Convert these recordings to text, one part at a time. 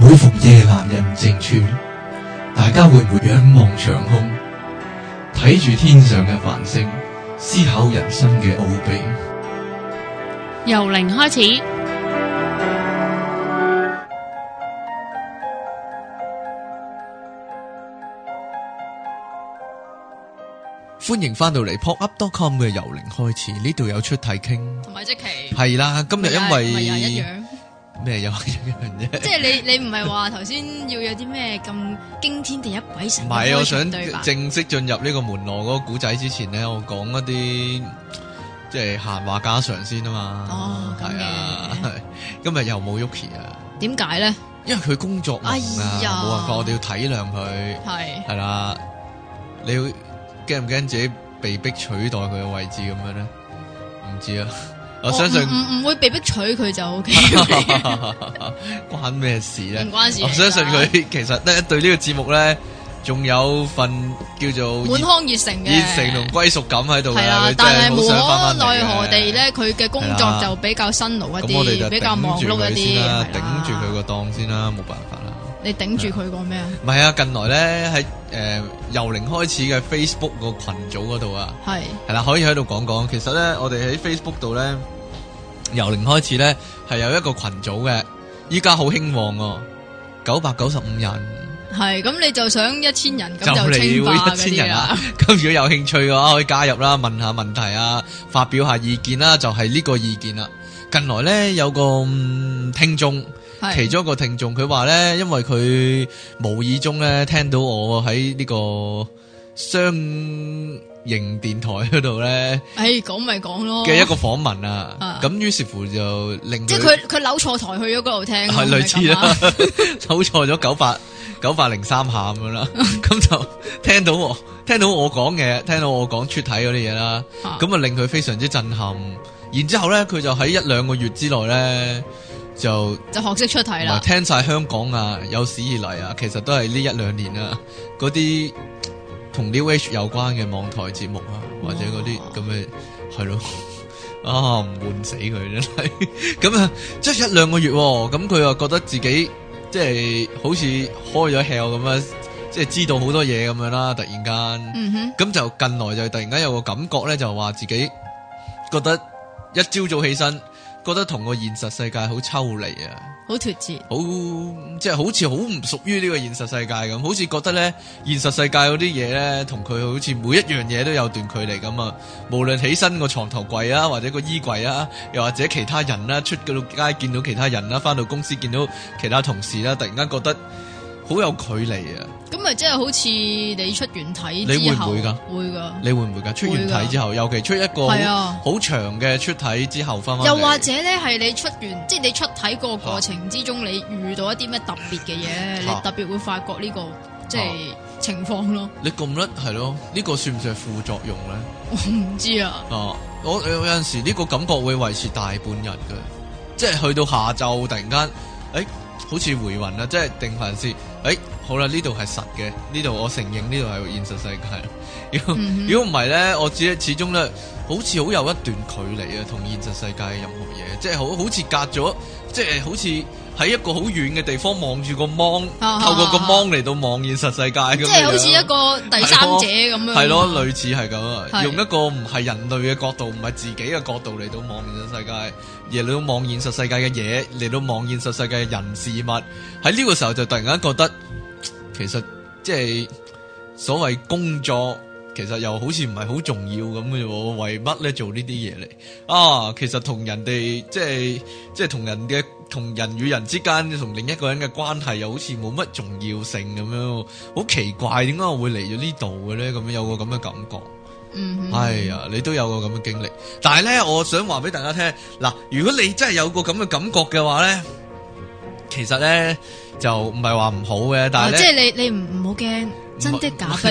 每逢夜闌人靜處，大家會唔會仰望長空，睇住天上嘅繁星，思考人生嘅奧秘？由零開始，歡迎翻到嚟 pop up dot com 嘅由零開始。呢度有出體傾，同埋即期係啦，今日因為咩有一樣啫？即係你你唔係話頭先要有啲咩咁驚天地一鬼神？唔係， 我想正式進入呢個門羅嗰個古仔之前咧，我講一啲即係閒話家常先啊嘛。哦，係啊，今日又冇 Yuki 啊？點解咧？因為佢工作啊、哎、呀，冇辦法，我哋要體諒佢。係係啦，你要驚唔驚自己被逼取代佢嘅位置咁樣咧？唔知啊。我相信唔唔會被逼娶佢就 OK，關咩事咧？唔關事。我相信佢其實咧對個呢個節目咧，仲有份叫做滿腔熱誠嘅熱誠同歸屬感喺度。係啊，正正但係無可奈何地咧，佢嘅工作就比較辛勞一啲，比較忙碌一啲。咁我哋就頂住佢先啦，頂住佢個檔先啦，冇、啊、辦法啦。你頂住佢講咩啊？唔係啊，近來咧喺誒由零開始嘅 Facebook 個群組嗰度啊，係係啦，可以喺度講講。其實咧，我哋喺 Facebook 度咧由零開始咧係有一個群組嘅，依家好興旺哦，九百九十五人。係咁，你就想一千人咁就清會會一千人啊。咁 如果有興趣嘅話可以加入啦，問下問題啊，發表下意見啦，就係、是、呢個意見啦。近來咧有個、嗯、聽眾。其中一個聽眾佢話咧，因為佢無意中咧聽到我喺呢個商營電台嗰度咧，誒，講咪講咯嘅一個訪問啊，咁於、哎、 是乎就令即係佢佢扭錯台去咗嗰度聽，係是類似啦， 扭錯咗九百九百零三下咁樣啦，咁 就聽到我聽到我講嘅，聽到我講出體嗰啲嘢啦，咁啊 令佢非常之震撼，然之後咧佢就喺一兩個月之內咧。就就學識出體啦，聽晒香港啊，有史以來啊，其實都係呢一兩年啊，嗰啲同 New Age 有關嘅網台節目啊，或者嗰啲咁嘅係咯，哇是的 啊，唔悶死佢真係，咁 啊，即係一兩個月，咁佢又覺得自己即係好似開咗竅咁啊，即係知道好多嘢咁樣啦，突然間，咁、嗯、哼就近來就突然間有個感覺咧，就話自己覺得一朝早起身。覺得同個現實世界好抽離啊，好脱節，好即係好似好唔屬於呢個現實世界咁，好似覺得呢現實世界嗰啲嘢呢，同佢好似每一樣嘢都有段距離咁啊。無論起身個床頭櫃啊，或者個衣櫃啊，又或者其他人啦，出到街見到其他人啦，翻到公司見到其他同事啦，突然間覺得。好有距離啊！咁咪即係好似你出完體之後，會噶？你會唔會噶的？出完體之後，的尤其出一個好、啊、長嘅出體之後，返返、又或者咧係你出完，即係你出體個過，過程之中，你遇到一啲咩特別嘅嘢，啊、你特別會發覺呢、這個即係、就是、情況咯。啊、你咁咧係咯？呢、這個算唔算係副作用咧？我唔知啊。啊，我有陣時呢個感覺會維持大半日嘅，即係去到下晝突然間，誒、欸。好似回魂啦、啊，即係定還是？誒、欸，好啦，呢度係實嘅，呢度我承認呢度係現實世界、啊。 如果唔係、mm hmm. 呢，我知始終咧，好似好有一段距離啊，同現實世界任何嘢，即係好好似隔咗，即係好似。喺一個好遠嘅地方望住個芒，啊、透過個芒嚟到望現實世界嘅，啊、樣即係好似一個第三者咁樣。係咯，類似係咁，的用一個唔係人類嘅角度，唔係自己嘅角度嚟到望現實世界，而係嚟到望現實世界嘅嘢，嚟到望現實世界嘅人事物。喺呢個時候就突然間覺得，其實即係所謂工作。其實又好似唔係好重要咁嘅喎，為乜咧做呢啲嘢嚟？啊，其實同人哋即係即係同人嘅，同人與人之間，同另一個人嘅關係又好似冇乜重要性咁樣，好奇怪，點解我會嚟咗呢度嘅咧？咁樣有個咁嘅感覺，嗯哼，係啊、哎，你都有個咁嘅經歷，但係咧，我想話俾大家聽，嗱，如果你真係有個咁嘅感覺嘅話咧，其實咧就唔係話唔好嘅，但係、啊、即係你你唔唔好驚。真的假不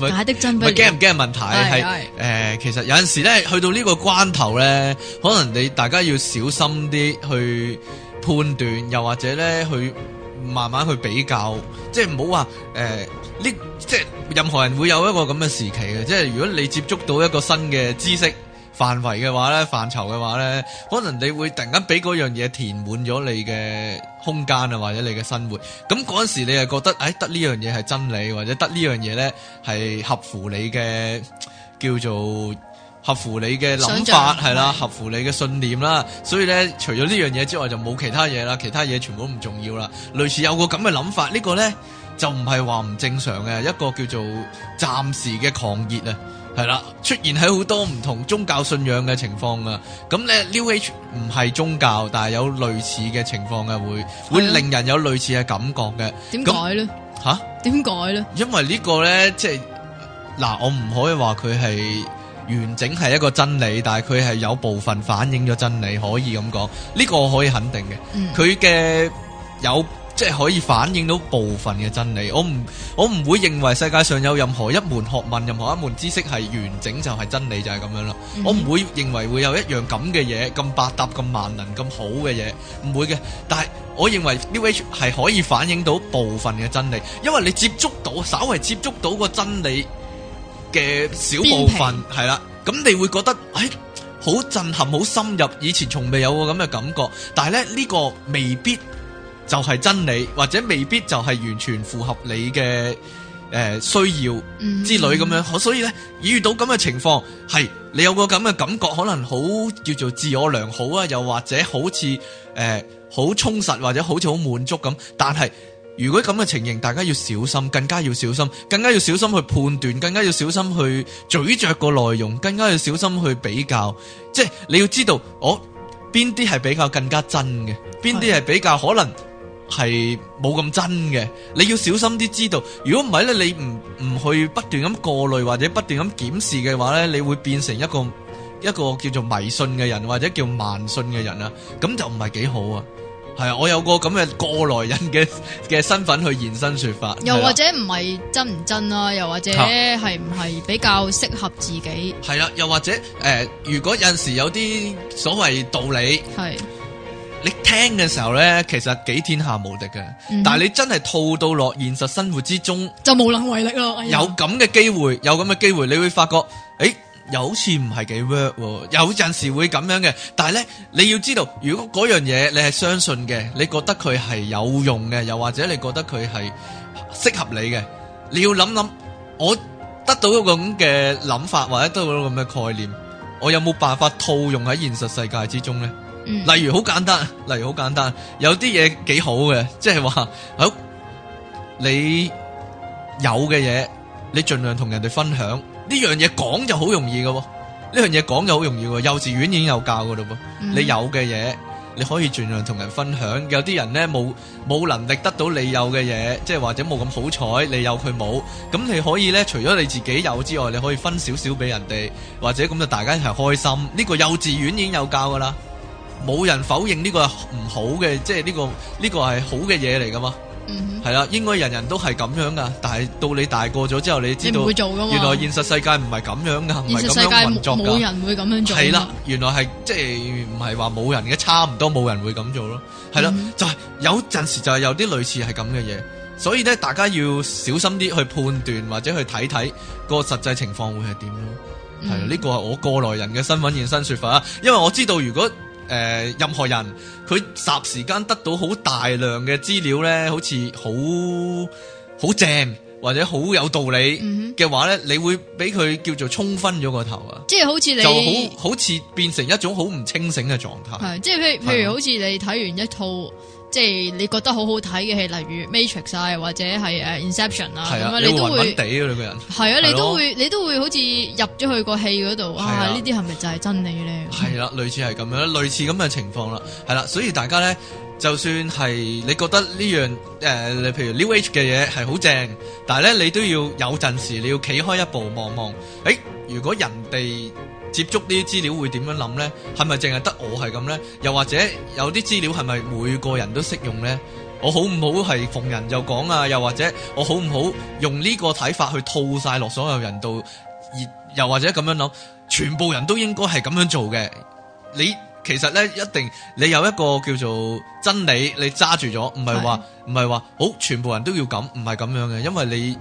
了，假的真不了。唔驚唔驚係問題，係、呃、其實有陣時咧，去到呢個關頭咧，可能你大家要小心啲去判斷，又或者咧去慢慢去比較，即係唔好話誒呢，即係任何人會有一個咁嘅時期嘅， 即係如果你接觸到一個新嘅知識，範圍嘅話呢，範疇嘅話呢，可能你會突然間俾嗰樣嘢填滿咗你嘅空間啊，或者你嘅生活，咁嗰陣時你就覺得，哎，得呢樣嘢係真理，或者得呢樣嘢呢係合乎你嘅叫做合乎你嘅諗法係啦，合乎你嘅信念啦，所以呢，除咗呢樣嘢之外就冇其他嘢啦，其他嘢全部都唔重要啦。類似有個咁嘅諗法，呢個呢就唔係話唔正常嘅，一個叫做暫時嘅狂熱啊。係啦，出現喺好多唔同宗教信仰嘅情況啊！咁咧 New Age 唔係宗教，但係有類似嘅情況嘅，會會令人有類似嘅感覺嘅。點解咧？吓那？點解咧？啊、呢因為個呢個咧，即係嗱，我唔可以話佢係完整係一個真理，但係佢係有部分反映咗真理，可以咁講。呢、這個可以肯定嘅，佢嘅、嗯、有。即係可以反映到部分嘅真理，我唔我唔會認為世界上有任何一門學問、任何一門知識係完整就係、是、真理就係、是、咁樣啦。嗯、我唔會認為會有一樣咁嘅嘢、咁百搭，咁萬能，咁好嘅嘢，唔會嘅。但係我認為 New Age 係可以反映到部分嘅真理，因為你接觸到稍為接觸到個真理嘅小部分，係啦平，咁你會覺得誒好震撼，好深入，以前從未有過咁嘅感覺。但係咧呢、這個未必。就係真理，或者未必就係完全符合你嘅誒、呃、需要之類咁樣，嗯、所以呢，遇到咁嘅情況，係你有個咁嘅感覺，可能好叫做自我良好啊，又或者好似誒好充實，或者好似好滿足咁。但係如果咁嘅情形，大家要小心，更加要小心，更加要小心去判斷，更加要小心去咀嚼個內容，更加要小心去比較，即係你要知道哦，邊啲係比較更加真嘅，邊啲係比較可能。係冇咁真嘅，你要小心啲知道。如果唔係咧，你唔唔去不斷咁過濾或者不斷咁檢視嘅話咧，你會變成一個一個叫做迷信嘅人或者叫盲信嘅人啊。咁就唔係幾好啊。係啊，我有個咁嘅過來人嘅嘅身份去現身說法。又或者唔係真唔真啊，又或者係唔係比較適合自己？係啦，又或者誒，如果有陣時有啲所謂道理係。你聽嘅時候呢，其實幾天下無敵嘅，嗯、但係你真係套到落現實生活之中，就無能為力咯。哎、有咁嘅機會，有咁嘅機會，你會發覺，誒、欸，又好似唔係幾 work，有陣時會咁樣嘅。但係呢，你要知道，如果嗰樣嘢你係相信嘅，你覺得佢係有用嘅，又或者你覺得佢係適合你嘅，你要諗諗，我得到一個咁嘅諗法或者得到咁嘅概念，我有冇辦法套用喺現實世界之中呢？例如好簡單，例如好簡單，有啲嘢幾好嘅，即係話，好你有嘅嘢，你盡量同人哋分享，呢樣嘢講就好容易嘅喎，呢樣嘢講就好容易嘅，幼稚園已經有教噶啦噃，嗯、你有嘅嘢你可以盡量同人分享，有啲人咧冇冇能力得到你有嘅嘢，即係或者冇咁好彩，你有佢冇，咁你可以咧除咗你自己有之外，你可以分少少俾人哋，或者咁就大家一齊開心，呢、呢個幼稚園已經有教噶啦。冇人否認呢個係唔好嘅，即係呢個呢、這個係好嘅嘢嚟噶嘛？係啦、mm hmm.，應該人人都係咁樣噶。但係到你大個咗之後，你知道原來現實世界唔係咁樣噶，現實世界唔係咁樣運作，冇人會咁樣做。係啦，原來係即係唔係話冇人嘅，差唔多冇人會咁做咯。係啦，mm hmm. 就係有陣時，時就係有啲類似係咁嘅嘢，所以咧大家要小心啲去判斷或者去睇睇個實際情況會係點咯。係啦、mm，呢個係我過來人嘅身份現身說法啦，因為我知道如果。誒，任何人佢霎時間得到好大量嘅資料咧，好似好好正或者好有道理嘅、嗯、哼話咧，你會俾佢叫做沖昏咗個頭啊！即係好似你就好好似變成一種好唔清醒嘅狀態。係即係譬譬如好似你睇完一套。即係你覺得好好睇嘅戲，例如 Matrix 啊，或者係誒 Inception 啊咁、啊、樣你啊，你都會。你文文地你個人。係啊，你都會你都會好似入咗去個戲嗰度啊！呢啲係咪就係真理咧？係啦、啊 啊，類似係咁樣，類似咁嘅情況啦，係啦、啊。所以大家咧，就算係你覺得呢樣誒，你、呃、譬如 New Age 嘅嘢係好正，但係咧你都要有陣時你要企開一步望望，誒、欸，如果人哋。接觸呢啲資料會點樣諗呢？係咪淨係得我係咁呢？又或者有啲資料係咪每個人都適用呢？我好唔好係逢人就講啊？又或者我好唔好用呢個睇法去套晒落所有人度？而又或者咁樣諗，全部人都應該係咁樣做嘅。你其實呢，一定你有一個叫做真理，你揸住咗，唔係話，唔係話好，全部人都要咁，唔係咁樣嘅，因為你。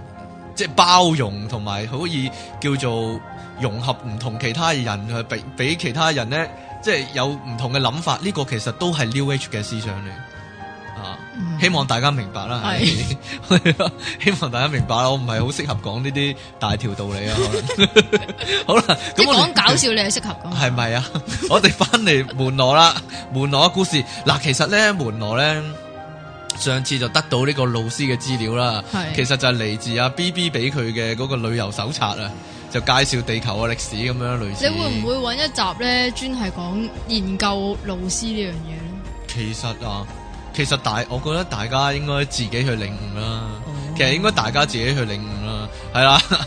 即係包容同埋，可以叫做融合唔同其他人，去俾俾其他人咧，即係有唔同嘅諗法。呢、這個其實都係 New Age 嘅思想嚟，啊，嗯、希望大家明白啦。係是， 希望大家明白啦。我唔係好適合講呢啲大條道理啊。可能 好啦，咁講搞笑你係適合噶。係咪 是啊？ 我哋翻嚟門羅啦， 門羅嘅故事。嗱、啊，其實咧，門羅咧。上次就得到呢個老師嘅資料啦，是其實就係嚟自阿 B B 俾佢嘅嗰個旅遊手冊啊，就介紹地球嘅歷史咁樣類似。你會唔會揾一集咧專係講研究老師呢樣嘢咧？其實啊，其實大，我覺得大家應該自己去領悟啦。哦、其實應該大家自己去領悟啦，係啦、哦，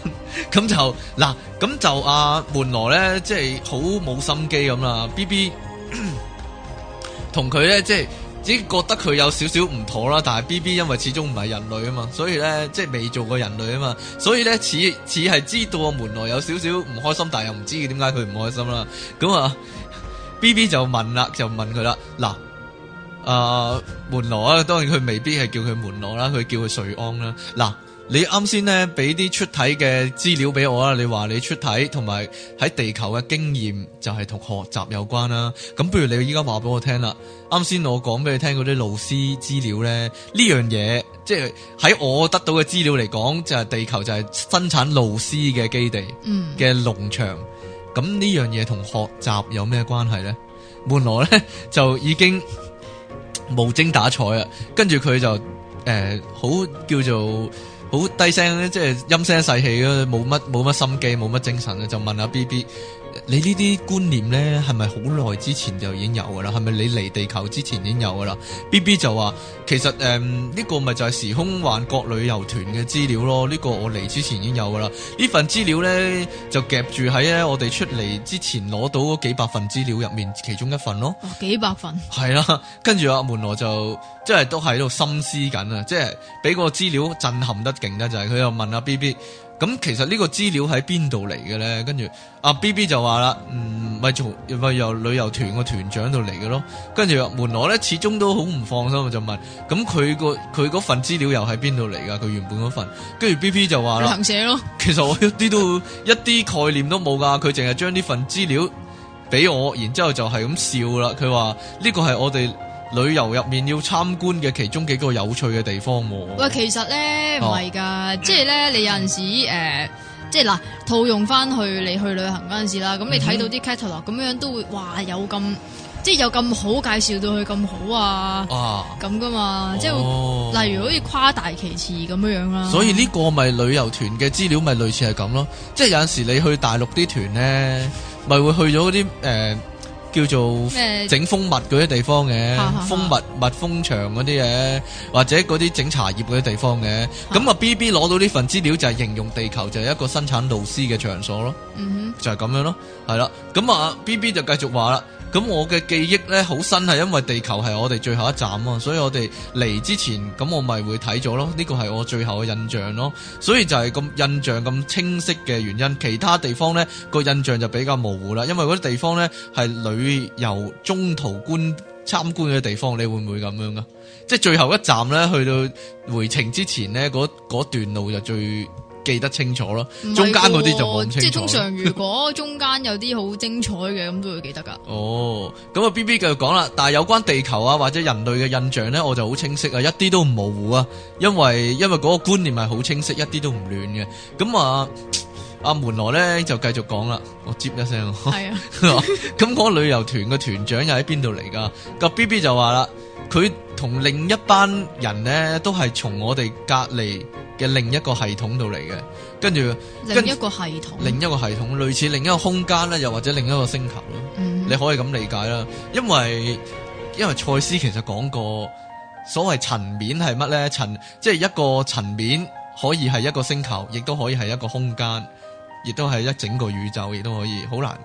咁是的 就嗱，咁就阿、啊、門羅咧，即係好冇心機咁啦。B B 同佢咧，即係。只覺得佢有少少唔妥啦，但係 B B 因為始終唔係人類啊嘛，所以咧即係未做過人類啊嘛，所以咧似似係知道個門羅有少少唔開心，但係又唔知點解佢唔開心啦。咁、嗯、啊，B B 就問啦，就問佢啦，嗱，誒、呃、門羅，當然佢未必係叫佢門羅啦，佢叫佢瑞安啦，嗱。你啱先咧，俾啲出體嘅資料俾我啦。你話你出體同埋喺地球嘅經驗就係同學習有關啦。咁不如你依家話俾我聽啦，啱先我講俾你聽嗰啲老師資料咧，呢樣嘢即係喺我得到嘅資料嚟講，就係、是、地球就係生產老師嘅基地嘅、嗯、農場。咁呢樣嘢同學習有咩關係呢？門羅咧就已經無精打采啊。跟住佢就誒好、呃、叫做。好低聲咧，即、就、係、是、陰聲細氣咯，冇乜冇乜心機，冇乜精神咧，就問下 B B。你呢啲觀念咧，係咪好耐之前就已經有噶啦？係咪你嚟地球之前已經有噶啦？B B 就話，其實誒呢，嗯這個咪就係時空幻國旅遊團嘅資料咯。呢，這個我嚟之前已經有噶啦。份資呢份資料咧就夾住喺咧我哋出嚟之前攞到嗰幾百份資料入面其中一份咯。哦，幾百份？係啦， 啊，跟住阿門羅就即係都喺度深思緊啊，即係俾個資料震撼得勁得就係，佢又問阿 B B。咁其實呢個資料喺邊度嚟嘅咧？跟住阿、啊、B B 就話啦，唔、嗯、係從，唔係由旅遊團個團長度嚟嘅咯。跟住阿門羅咧，始終都好唔放心，就問：咁佢個佢嗰份資料又喺邊度嚟㗎？佢原本嗰份。跟住 B B 就話：旅行社咯。其實我一啲都一啲概念都冇㗎，佢淨係將呢份資料俾我，然之後就係咁笑啦。佢話：呢個係我哋旅遊入面要參觀嘅其中幾個有趣嘅地方喎、啊。喂，其實咧唔係㗎，即係咧你有陣時誒，即係嗱套用翻去你去旅行嗰陣時啦，咁、嗯、哼你睇到啲 catalog 咁樣都會話有咁，即、就、係、是、有咁好介紹到佢咁好啊，咁噶、啊、嘛，即係、哦、例如好似誇大其詞咁樣樣、啊、啦。所以呢個咪旅遊團嘅資料咪、就是、類似係咁咯，即、就、係、是、有陣時你去大陸啲團咧，咪 會去咗嗰啲誒。呃叫做整蜂蜜嗰啲地方嘅，蜂蜜蜜蜂場嗰啲嘢，或者嗰啲整茶葉嗰啲地方嘅，咁啊 B B 攞到呢份資料就係形容地球就係一個生產露絲嘅場所咯， 就係咁樣咯，係啦，咁啊 B B 就繼續話啦。咁我嘅記憶呢，好新，係因為地球係我哋最後一站啊，所以我哋嚟之前咁，我咪會睇咗咯。呢個係我最後嘅印象咯，所以就係咁印象咁清晰嘅原因。其他地方呢，個印象就比較模糊啦，因為嗰啲地方呢係旅遊中途觀參觀嘅地方，你會唔會咁樣噶？即係最後一站呢，去到回程之前呢，嗰嗰段路就最記得清楚咯，中間嗰啲就冇咁清，啊、即係通常如果中間有啲好精彩嘅，咁都 會記得噶。哦、oh，咁啊 B B 繼續講啦，但係有關地球啊或者人類嘅印象咧，我就好清晰啊，一啲都唔模糊啊，因為因為嗰個觀念係好清晰，一啲都唔亂嘅。咁啊阿、啊、門羅咧就繼續講啦，我接一聲。係啊，咁嗰個旅遊團嘅團長又喺邊度嚟噶？個 B B 就話啦。佢同另一班人呢，都係從我哋隔籬嘅另一個系統度嚟嘅，跟住另一個系統，另一個系統類似另一個空間咧，又或者另一個星球咯，嗯、你可以咁理解啦。因為因為賽斯其實講過所，所謂層面係乜咧？層即係一個層面可以係一個星球，亦都可以係一個空間，亦都係一整個宇宙，亦都可以，好難。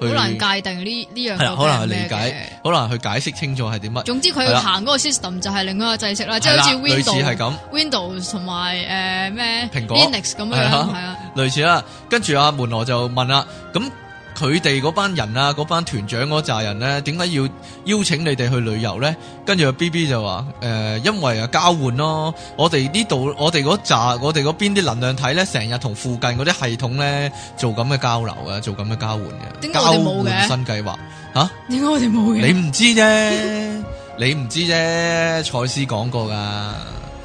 好難界定呢呢樣嘢，好難去理解，好難去解釋清楚係點乜。總之佢要行嗰個 system 就係另外一個制式啦，即係好似 Windows 咁。Windows 同埋誒咩 Linux 咁樣樣。係啊，類似啦。跟住阿門羅就問啦，咁。佢哋嗰班人啊，嗰班團長嗰扎人咧，點解要邀請你哋去旅遊咧？跟住 B B 就話誒、呃，因為啊交換咯，我哋呢度我哋嗰扎我哋嗰邊啲能量體咧，成日同附近嗰啲系統咧做咁嘅交流啊，做咁嘅交換嘅，交換新計劃吓？點解我哋冇嘅？你唔知啫，你唔知啫，蔡司講過噶，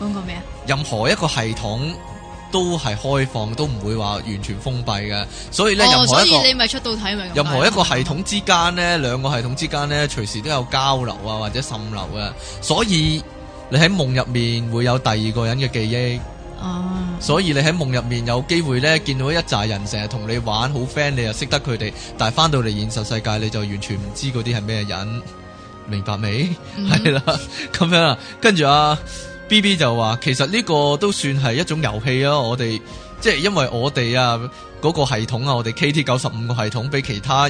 講過咩啊？任何一個系統，都係開放，都唔會話完全封閉嘅，所以呢，哦、任何一個你出任何一個系統之間呢兩 個系統之間呢隨時都有交流啊，或者滲流啊。所以你喺夢入面會有第二個人嘅記憶，哦、啊，所以你喺夢入面有機會呢，見到一紮人，成日同你玩好 friend，你又識得佢哋，但係翻到嚟現實世界你就完全唔知嗰啲係咩人，明白未？係啦、嗯哼，咁樣 啊，跟住啊。B B 就話，其實呢個都算係一種遊戲咯。我哋即係因為我哋啊，嗰、那個系統啊，我哋 K T 九十五個系統比其他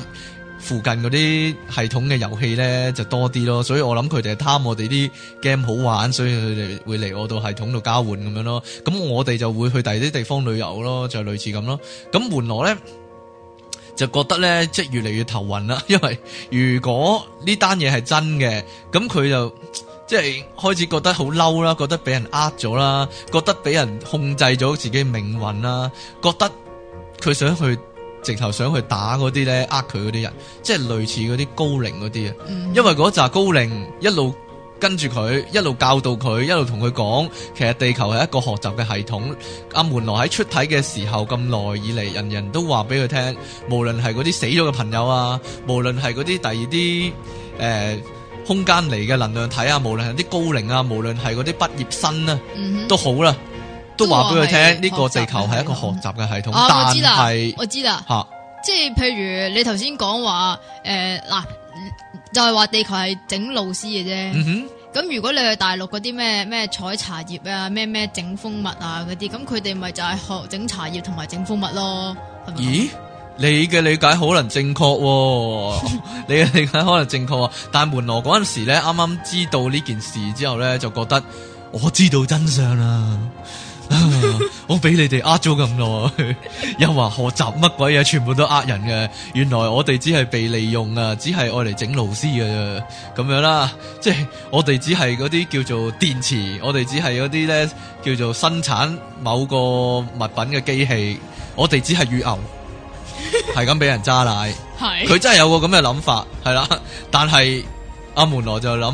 附近嗰啲系統嘅遊戲咧就多啲咯。所以我諗佢哋係貪我哋啲 game 好玩，所以佢哋會嚟我度系統度交換咁樣咯。咁我哋就會去第二啲地方旅遊咯，就是、類似咁咯。咁門羅咧就覺得咧即係越嚟越頭暈啦。因為如果呢單嘢係真嘅，咁佢就。即係開始覺得好嬲啦，覺得俾人呃咗啦，覺得俾人控制咗自己命運啦，覺得佢想去直頭想去打嗰啲呢呃佢嗰啲人，即係類似嗰啲高靈嗰啲啊。嗯、因為嗰扎高靈一路跟住佢，一路教導佢，一路同佢講，其實地球係一個學習嘅系統。阿門羅喺出體嘅時候咁耐以嚟，人人都話俾佢聽，無論係嗰啲死咗嘅朋友啊，無論係嗰啲第二啲誒，呃空間嚟嘅能量體啊，無論係啲高齡啊，無論係嗰啲畢業生啊、嗯哼，都好啦，都話俾佢聽呢個地球係一個學習嘅系統，啊、但係是、啊、我知啦，我知啦、即係譬如你頭先講話誒嗱，就係、是、話地球係整老師嘅啫。咁、嗯、哼如果你去大陸嗰啲咩咩採茶葉啊，咩咩整蜂蜜啊嗰啲，咁佢哋咪就係學整茶葉同埋整蜂蜜咯。咦、嗯哼？嗯你嘅理解可能正確、哦， 你嘅理解可能正確、哦。但門羅嗰陣時咧，啱啱知道呢件事之後咧，就覺得我知道真相啦、 啊。我俾你哋呃咗咁耐， 又話學習乜鬼嘢、啊、全部都呃人嘅。原來我哋只係被利用啊，只係愛嚟整老師嘅啫。咁樣啦，即、就、係、是、我哋只係嗰啲叫做電池，我哋只係嗰啲咧叫做生產某個物品嘅機器，我哋只係乳牛。係咁俾人揸奶，佢 是真係有個咁嘅諗法，係啦。但係阿門羅就諗，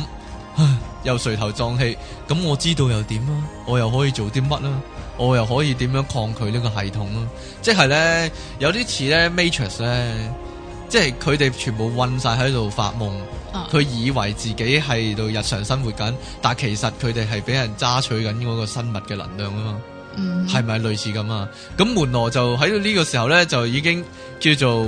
唉，又垂頭喪氣。咁我知道又點啊？我又可以做啲乜啊？我又可以點樣抗拒呢個系統啊？即係咧，有啲似咧 Matrix 咧，即係佢哋全部困晒喺度發夢，佢、啊、以為自己係度日常生活緊，但係其實佢哋係俾人揸取緊嗰個生物嘅能量啊嘛。係咪、嗯、類似咁啊？咁門羅就喺呢個時候咧，就已經叫做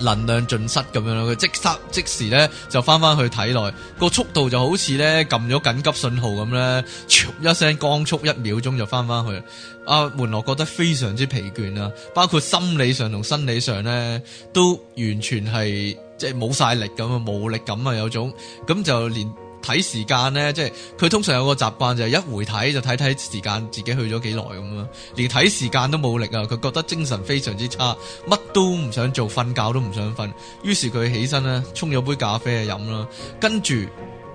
能量盡失咁樣啦。佢即刻即時咧就翻翻去體內，個速度就好似咧撳咗緊急信號咁咧，一聲光速一秒鐘就翻翻去。阿、啊、門羅覺得非常之疲倦啊，包括心理上同生理上咧都完全係即係冇晒力咁啊，冇力感啊有種，咁就連。睇時間呢，即係佢通常有個習慣就係一回睇就睇睇時間，自己去咗幾耐咁咯。連睇時間都冇力啊，佢覺得精神非常之差，乜都唔想做，瞓覺都唔想瞓。於是佢起身呢，沖咗杯咖啡去飲啦。跟住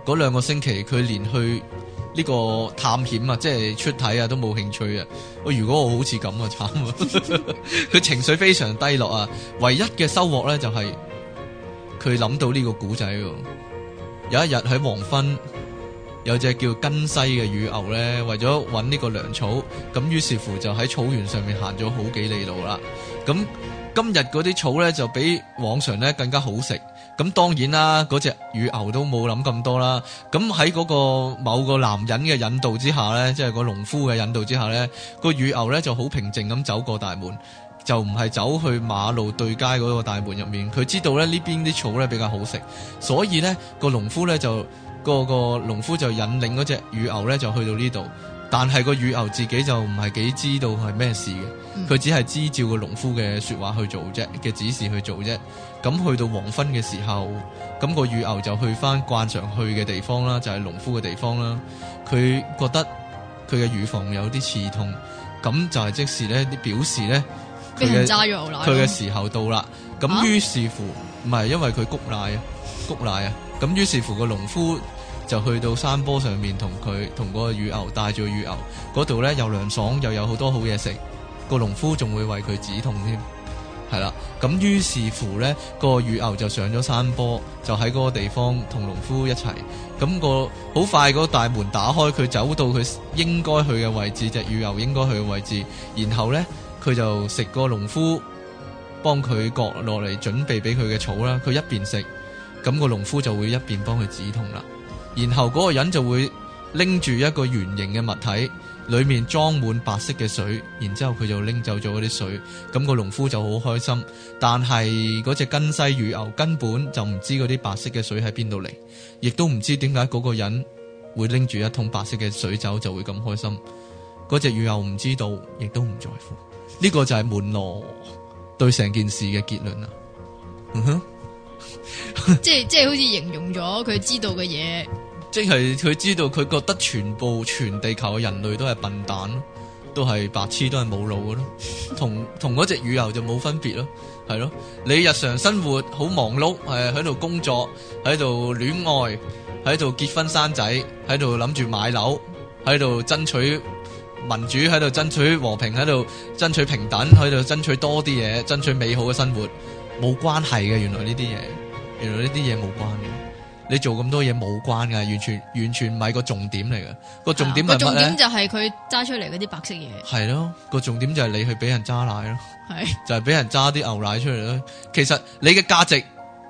嗰兩個星期，佢連去呢個探險啊，即係出體啊，都冇興趣啊。我、哦、如果我好似咁啊，慘！佢 情緒非常低落啊，唯一嘅收穫呢，就係佢諗到呢個古仔。有一日喺黃昏，有隻叫根西嘅乳牛咧，為咗搵呢個糧草，咁於是乎就喺草原上面行咗好幾里路啦。咁今日嗰啲草咧就比往常咧更加好食。咁當然啦，嗰隻乳牛都冇諗咁多啦。咁喺嗰個某個男人嘅引導之下咧，即係個農夫嘅引導之下咧，個乳牛咧就好平靜咁走過大門。就唔係走去馬路對街嗰個大門入面，佢知道咧呢邊啲草咧比較好食，所以呢、個農夫呢，就、個、個農夫就引領嗰隻乳牛呢，就去到呢度，但係個乳牛自己就唔係幾知道係咩事嘅，佢只係依照個農夫嘅說話去做啫，嘅指示去做啫。咁去到黃昏嘅時候，咁、個乳牛就去返慣常去嘅地方啦，就係、係、農夫嘅地方啦。佢覺得佢嘅乳房有啲刺痛，咁就係即時呢啲表示呢。佢嘅佢時候到啦，咁於是乎，唔係、啊、因為佢谷奶啊，谷奶啊，咁於是乎個農夫就去到山坡上面同佢同個乳牛帶住乳牛嗰度呢，又涼爽又有好多好嘢食，個農夫仲會為佢止痛添，係啦，咁於是乎呢，個乳牛就上咗山坡，就喺嗰個地方同農夫一齊，咁、個好快個大門打開，佢走到佢應該去嘅位置，隻、那個、乳牛應該去嘅位置，然後呢。佢就食個農夫幫佢割落嚟準備俾佢嘅草啦，佢一邊食，咁個農夫就會一邊幫佢止痛啦。然後嗰個人就會拎住一個圓形嘅物體，裏面裝滿白色嘅水，然之後佢就拎走咗嗰啲水，咁個農夫就好開心。但係嗰隻根西乳牛根本就唔知嗰啲白色嘅水喺邊度嚟，亦都唔知點解嗰個人會拎住一桶白色嘅水走就會咁開心。嗰隻乳牛唔知道，亦都唔在乎。呢個就係門羅對成件事嘅結論啦，啊，哼， 即係即係好似形容咗佢知道嘅嘢，即係佢知道佢覺得全部全地球嘅人類都係笨蛋都係白痴，都係冇腦嘅咯，同同嗰隻宇宙就冇分別咯，係咯，你日常生活好忙碌，係喺度工作，喺度戀愛，喺度結婚生仔，喺度諗住買樓，喺度爭取。民主喺度爭取和平，喺度爭取平等，喺度爭取多啲嘢，爭取美好嘅生活，冇關係嘅。原來呢啲嘢，原來呢啲嘢冇關嘅。你做咁多嘢冇關噶，完全完全唔係個重點嚟嘅。個重點，啊，個重點就係佢揸出嚟嗰啲白色嘢。係咯，個重點就係你去俾人揸奶咯，係的 就係俾人揸啲牛奶出嚟咯。其實你嘅價值。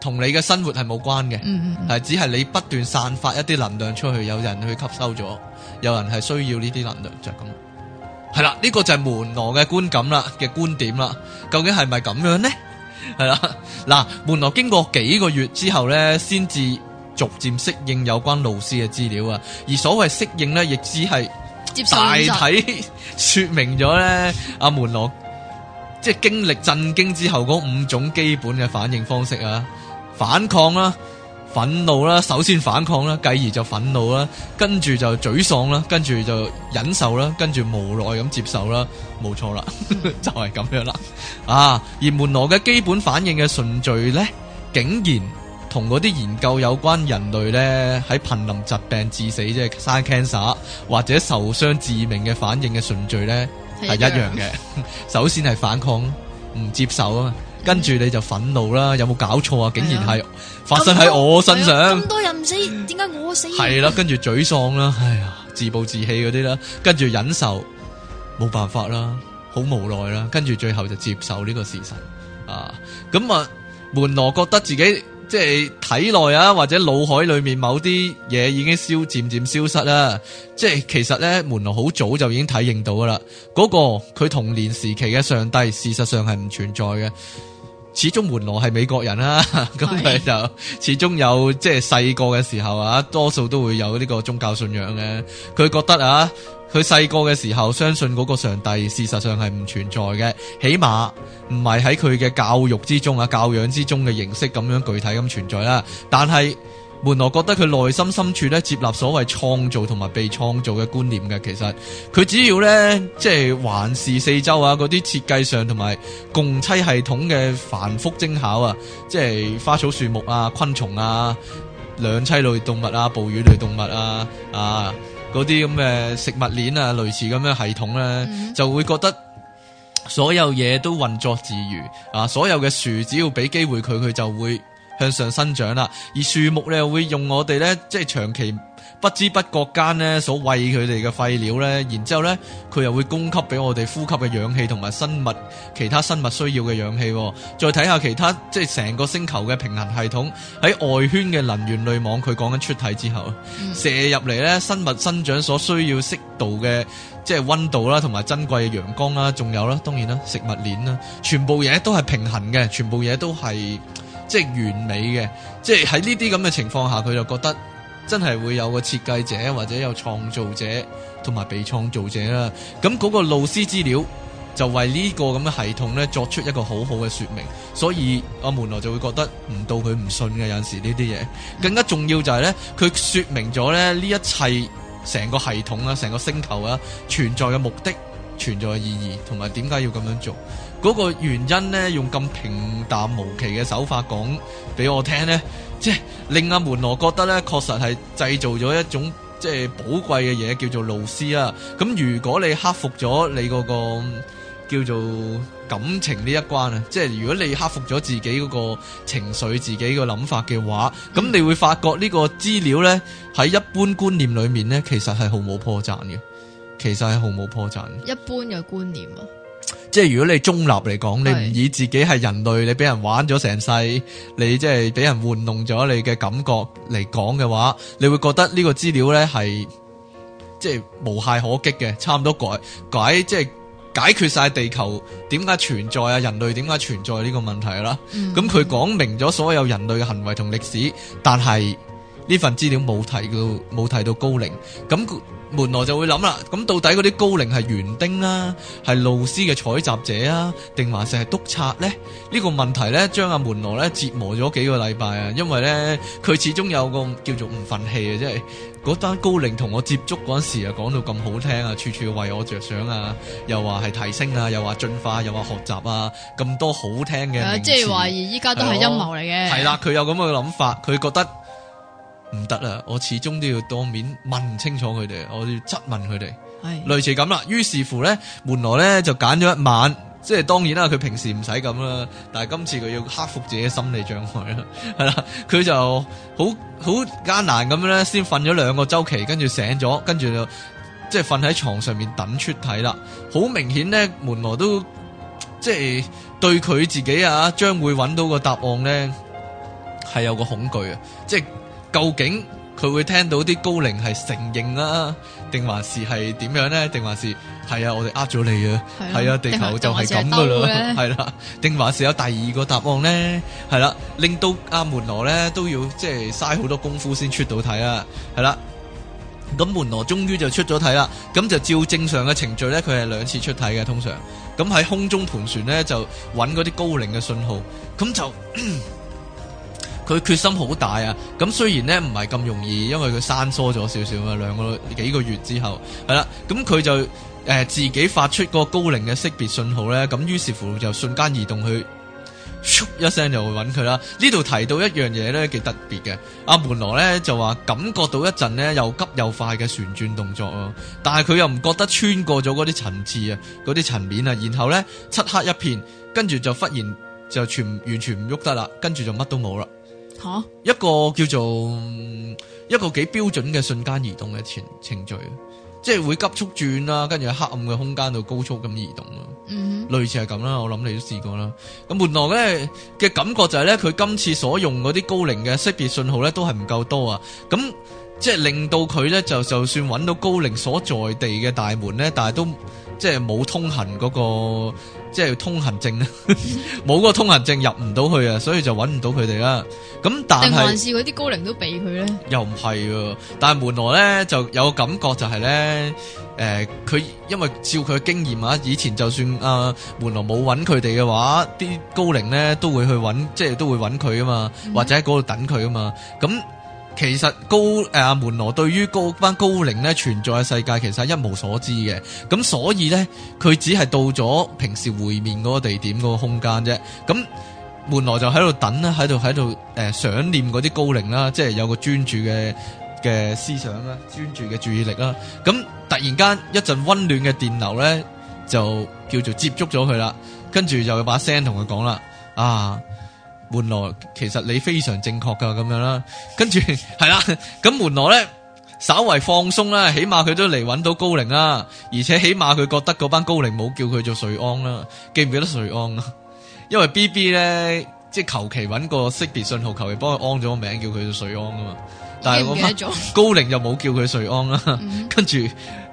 同你嘅生活係冇關嘅，係只係你不斷散發一啲能量出去，有人去吸收咗，有人係需要呢啲能量就咁。係啦，呢個就係門羅嘅觀感啦，嘅觀點啦。究竟係咪咁樣呢？係啦，嗱，門羅經過幾個月之後咧，先至逐漸適應有關老師嘅資料啊。而所謂適應咧，亦只係大體說明咗咧，阿門羅即係經歷震驚之後嗰五種基本嘅反應方式啊。反抗啦，憤怒啦，首先反抗啦，繼而就憤怒啦，跟住就沮喪啦，跟住就忍受啦，跟住無奈咁接受啦，冇錯啦， 就係咁樣啦。啊，而門羅嘅基本反應嘅順序呢，竟然同嗰啲研究有關人類呢喺瀕臨疾病致死即係生 cancer 或者受傷致命嘅反應嘅順序呢，係這一樣嘅，首先係反抗，唔接受啊。跟住你就憤怒啦，有冇搞錯啊？竟然係發生喺我身上，咁、哎、多人唔死，點解我死？係啦， 跟住沮喪啦，哎呀，自暴自棄嗰啲啦，跟住忍受，冇辦法啦，好無奈啦，跟住最後就接受呢個事實啊。咁啊，門羅覺得自己即係體內啊，或者腦海裏面某啲嘢已經消漸漸消失啦。即係其實咧，門羅好早就已經體認到噶啦，嗰、那個佢童年時期嘅上帝，事實上係唔存在嘅。始終門羅係美國人啦，咁佢是 就始終有即係細個嘅時候啊，多數都會有呢個宗教信仰嘅。佢覺得啊，佢細個嘅時候相信嗰個上帝，事實上係唔存在嘅，起碼唔係喺佢嘅教育之中啊、教養之中嘅形式咁樣具體咁存在啦。但係，門羅覺得佢內心深處咧接納所謂創造同埋被創造嘅觀念嘅，其實佢只要咧即係環視四周啊，嗰啲設計上同埋共棲系統嘅繁複精巧啊，即係花草樹木啊、昆蟲啊、兩棲類動物啊、哺乳類動物啊啊嗰啲咁嘅食物鏈啊，類似咁嘅系統咧，mm hmm. 就會覺得所有嘢都運作自如啊！所有嘅樹只要俾機會佢，佢就會。向上生長啦，而樹木咧會用我哋咧，即係長期不知不覺間咧所餵佢哋嘅廢料咧，然之後咧佢又會供給俾我哋呼吸嘅氧氣同埋生物其他生物需要嘅氧氣，哦。再睇下其他即係成個星球嘅平衡系統喺外圈嘅能源類網，佢講緊出體之後，嗯、射入嚟咧，生物生長所需要適度嘅即係溫度啦，同埋珍貴嘅陽光啦，仲有啦，當然啦，食物鏈啦，全部嘢都係平衡嘅，全部嘢都係。即係完美嘅，即係喺呢啲咁嘅情況下，佢就覺得真係會有個設計者或者有創造者同埋被創造者啦。咁嗰個露師資料就為呢個咁嘅系統咧作出一個好好嘅說明，所以阿門羅就會覺得唔到佢唔信嘅。有陣時呢啲嘢更加重要就係咧，佢說明咗咧呢一切成個系統啊，成個星球啊存在嘅目的、存在嘅意義同埋點解要咁樣做。嗰個原因咧，用咁平淡無奇嘅手法講俾我聽咧，即係令阿門羅覺得咧，確實係製造咗一種即係寶貴嘅嘢，叫做老師啊。咁如果你克服咗你嗰個叫做感情呢一關啊，即係如果你克服咗自己嗰個情緒、自己嘅諗法嘅話，咁、嗯、你會發覺呢個資料咧喺一般觀念裡面咧，其實係毫無破綻嘅，其實係毫無破綻。一般嘅觀念啊。即係如果你中立嚟講，是你唔以自己係人類，你俾人玩咗成世，你即係俾人玩弄咗，你嘅感覺嚟講嘅話，你會覺得呢個資料呢係即係無懈可擊嘅，差唔多改，解即係解決晒地球點解存在啊，人類點解存在呢個問題啦。咁佢講明咗所有人類嘅行為同歷史，但係呢份資料冇提到冇提到高齡咁。那個門羅就會諗啦，咁到底嗰啲高靈係園丁啦、啊，係老師嘅採集者啊，定還是係督察呢？呢、呢個問題呢，將阿門羅咧折磨咗幾個禮拜啊，因為呢，佢始終有個叫做唔忿氣嘅，即係嗰單高靈同我接觸嗰陣時啊，講到咁好聽啊，處處為我着想啊，又話係提升啊，又話進化，又話學習啊，咁多好聽嘅名詞、啊、即係話而依家都係陰謀嚟嘅。係啦，佢有咁嘅諗法，佢覺得。唔得啦！我始終都要當面問清楚佢哋，我要質問佢哋，唉類似咁啦。於是乎咧，門羅咧就揀咗一晚，即係當然啦，佢平時唔使咁啦，但係今次佢要克服自己嘅心理障礙啦，係 啦，佢就好好艱難咁樣咧，先瞓咗兩個周期，跟住醒咗，跟住就即係瞓喺床上面等出體啦。好明顯咧，門羅都即係對佢自己啊，將會揾到個答案咧，係有個恐懼啊，即係。究竟佢會聽到啲高靈係承認啦，定還是係點樣呢？定還是係啊？我哋呃咗你了啊！係啊，地球就係咁噶啦，係啦，定、啊、還是有第二個答案呢？係啦、啊，令到阿、啊、門羅咧都要即係嘥好多功夫先出到體啊，係啦。咁門羅終於就出咗體啦，咁就照正常嘅程序咧，佢係兩次出體嘅通常。咁喺空中盤旋咧，就揾嗰啲高靈嘅信號，咁就。 佢決心好大啊！咁雖然呢，唔係咁容易，因為佢生疏咗少少啊。兩個幾個月之後，係啦，咁佢就誒、呃、自己發出個高靈嘅識別信號呢。咁於是乎就瞬間移動去，咻一聲就會揾佢啦。呢度提到一樣嘢呢，幾特別嘅。阿門羅呢，就話感覺到一陣呢，又急又快嘅旋轉動作咯，但係佢又唔覺得穿過咗嗰啲層次啊，嗰啲層面啊，然後呢，漆黑一片，跟住就忽然就全完全唔喐得啦，跟住就乜都冇啦。吓，一個叫做一個幾標準嘅瞬間移動嘅程程序，即係會急速轉啦，跟住喺黑暗嘅空間度高速咁移動咯，嗯、類似係咁啦。我諗你都試過啦。咁門內門羅咧嘅感覺就係咧，佢今次所用嗰啲高靈嘅識別信號咧，都係唔夠多啊。咁即係令到佢咧，就就算揾到高靈所在地嘅大門咧，但係都即係冇通行嗰、那個。即係通行證啊！冇 個通行證入唔到去啊，所以就揾唔到佢哋啦。咁但係定還是嗰啲高靈都俾佢咧？又唔係喎，但係門羅咧就有個感覺就係、是、咧，誒、呃、佢因為照佢嘅經驗啊，以前就算啊、呃、門羅冇揾佢哋嘅話，啲高靈咧都會去揾，即係都會揾佢啊嘛，或者喺嗰度等佢啊嘛，咁。其實高誒、啊，門羅對於高班高靈咧存在嘅世界其實係一無所知嘅，咁所以咧佢只係到咗平時會面嗰個地點嗰個空間啫。咁門羅就喺度等啦，喺度喺度誒想念嗰啲高靈啦，即係有個專注嘅嘅思想啦，專注嘅注意力啦。咁突然間一陣溫暖嘅電流咧，就叫做接觸咗佢啦，跟住就有把聲同佢講啦，啊！門羅，其實你非常正確噶咁樣啦，跟住係啦，咁門羅咧稍為放鬆啦，起碼佢都嚟搵到高靈啦，而且起碼佢覺得嗰班高靈冇叫佢做瑞安啦，記唔記得瑞安啊？因為 B B 咧即係求其搵個識別信號，求其幫佢安咗個名叫佢做瑞安噶嘛，但係我諗高靈就冇叫佢瑞安啦， 跟住。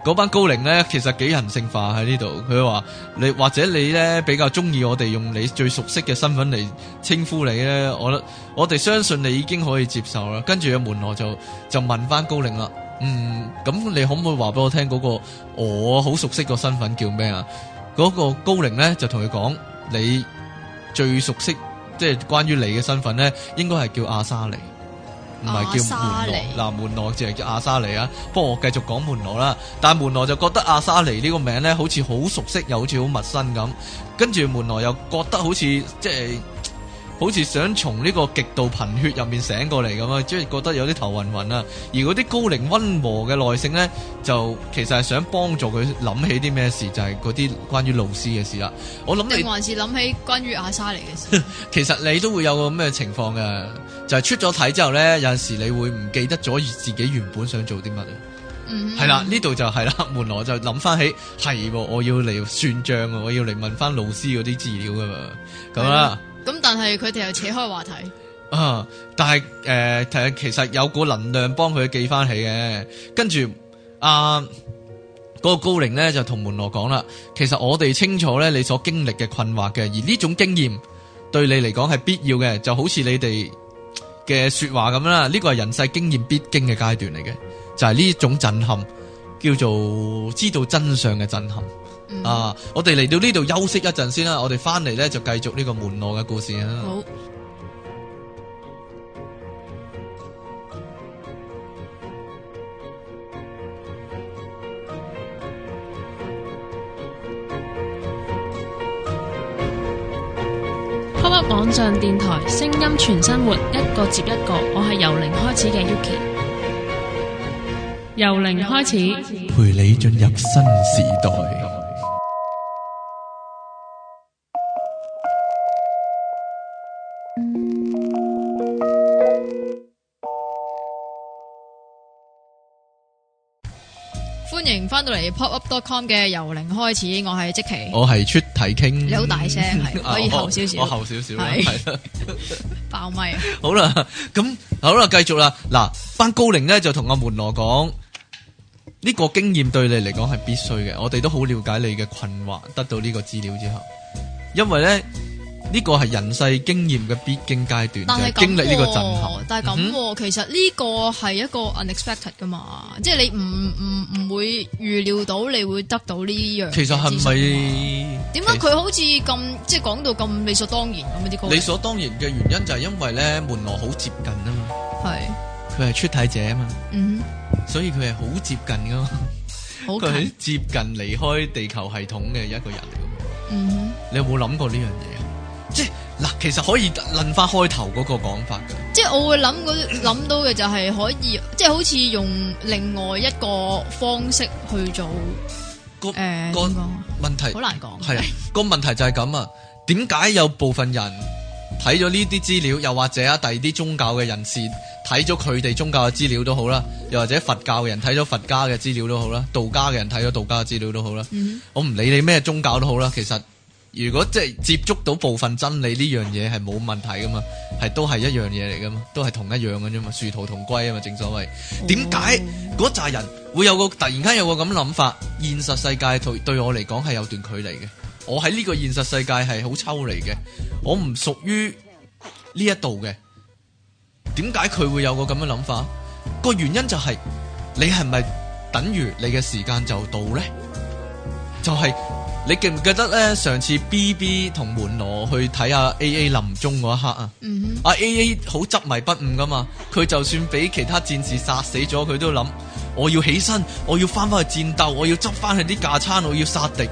嗰班高靈咧，其實幾人性化喺呢度。佢話，你或者你咧比較中意我哋用你最熟悉嘅身份嚟稱呼你咧，我得，我哋相信你已經可以接受啦。跟住阿門羅就就問翻高靈啦。嗯，咁你可唔可以話俾我聽嗰個我好熟悉個身份叫咩啊？嗰個高靈咧就同佢講，你最熟悉即係關於你嘅身份咧，應該係叫阿莎尼。唔係叫門羅，嗱、啊啊、門羅就係叫阿沙尼啊。不過我繼續講門羅啦，但係門羅就覺得阿沙尼呢個名咧，好似好熟悉，又好似好陌生咁。跟住門羅又覺得好似即係，好似想從呢個極度貧血入面醒過嚟咁啊，即係覺得有啲頭暈暈啊。而嗰啲高靈溫和嘅耐性咧，就其實係想幫助佢諗起啲咩事，就係嗰啲關於老師嘅事啦。我諗你還是諗起關於阿沙尼嘅事。 其實你都會有個咁嘅情況噶。就出咗體之後咧，有陣時你會唔記得咗自己原本想做啲乜嘅，係啦，mm。呢、hmm. 度就係啦。門羅就諗翻起係，我要嚟算賬，我要嚟問翻老師嗰啲資料噶嘛，咁啦。咁但係佢哋又扯開話題啊。但係誒、呃，其實有股能量幫佢記翻起嘅。跟住阿嗰個高靈咧就同門羅講啦，其實我哋清楚咧你所經歷嘅困惑嘅，而呢種經驗對你嚟講係必要嘅，就好似你哋。嘅說話咁啦，呢個係人世經驗必經嘅階段嚟嘅，就係呢一種震撼，叫做知道真相嘅震撼。嗯、啊，我哋嚟到呢度休息一陣先啦，我哋翻嚟呢就繼續呢個門羅嘅故事啊。好網上電台，聲音全生活，一個接一個。我係由零開始嘅 Yuki，由零開始，陪你進入新時代。迎翻到嚟 popup.com 嘅由零開始，我係即奇，我係出體傾，你好大聲， 啊、可以後少少，我後少少，爆咪，好啦，咁好啦，繼續啦。嗱，班高齡咧就同阿門羅講，呢、呢個經驗對你嚟講係必須嘅。我哋都好了解你嘅困惑，得到呢個資料之後，因為咧。呢個係人世經驗嘅必經階段，經歷呢個震撼。但係咁，其實呢個係一個 unexpected 噶嘛，即係你唔唔唔會預料到你會得到呢樣。其實係咪？點解佢好似咁，即係講到咁理所當然咁啲講法？理所當然嘅原因就係因為咧，門羅好接近啊嘛。係。佢係出體者啊嘛。嗯。所以佢係好接近噶嘛。好近。佢係接近離開地球系統嘅一個人嚟噶嘛。嗯。你有冇諗過呢樣嘢？即係嗱，其實可以論翻開頭嗰個講法㗎。即係我會諗嗰諗到嘅就係可以，即係好似用另外一個方式去做個誒、呃、問題，好難講。係啊的， 個問題就係咁啊。點解有部分人睇咗呢啲資料，又或者啊，第二啲宗教嘅人士睇咗佢哋宗教嘅資料都好啦，又或者佛教嘅人睇咗佛家嘅資料都好啦，道家嘅人睇咗道家嘅資料都好啦。Mm hmm. 我唔理你咩宗教都好啦，其實。如果即係接觸到部分真理呢樣嘢係冇問題噶嘛，係都係一樣嘢嚟噶嘛，都係同一樣嘅啫嘛，殊途同歸啊嘛，正所謂。點解嗰扎人會有個突然間有個咁諗法？現實世界對對我嚟講係有段距離嘅，我喺呢個現實世界係好抽離嘅，我唔屬於呢一度嘅。點解佢會有個咁嘅諗法？個原因就係、是、你係咪等於你嘅時間就到呢？就係、是。你記唔記得咧？上次 B B 同門羅去睇下 A A 臨終嗰一刻啊，阿、mm hmm. A A 好執迷不悟噶嘛，佢就算俾其他戰士殺死咗，佢都諗，我要起身，我要翻翻去戰鬥，我要執翻去啲架餐，我要殺敵。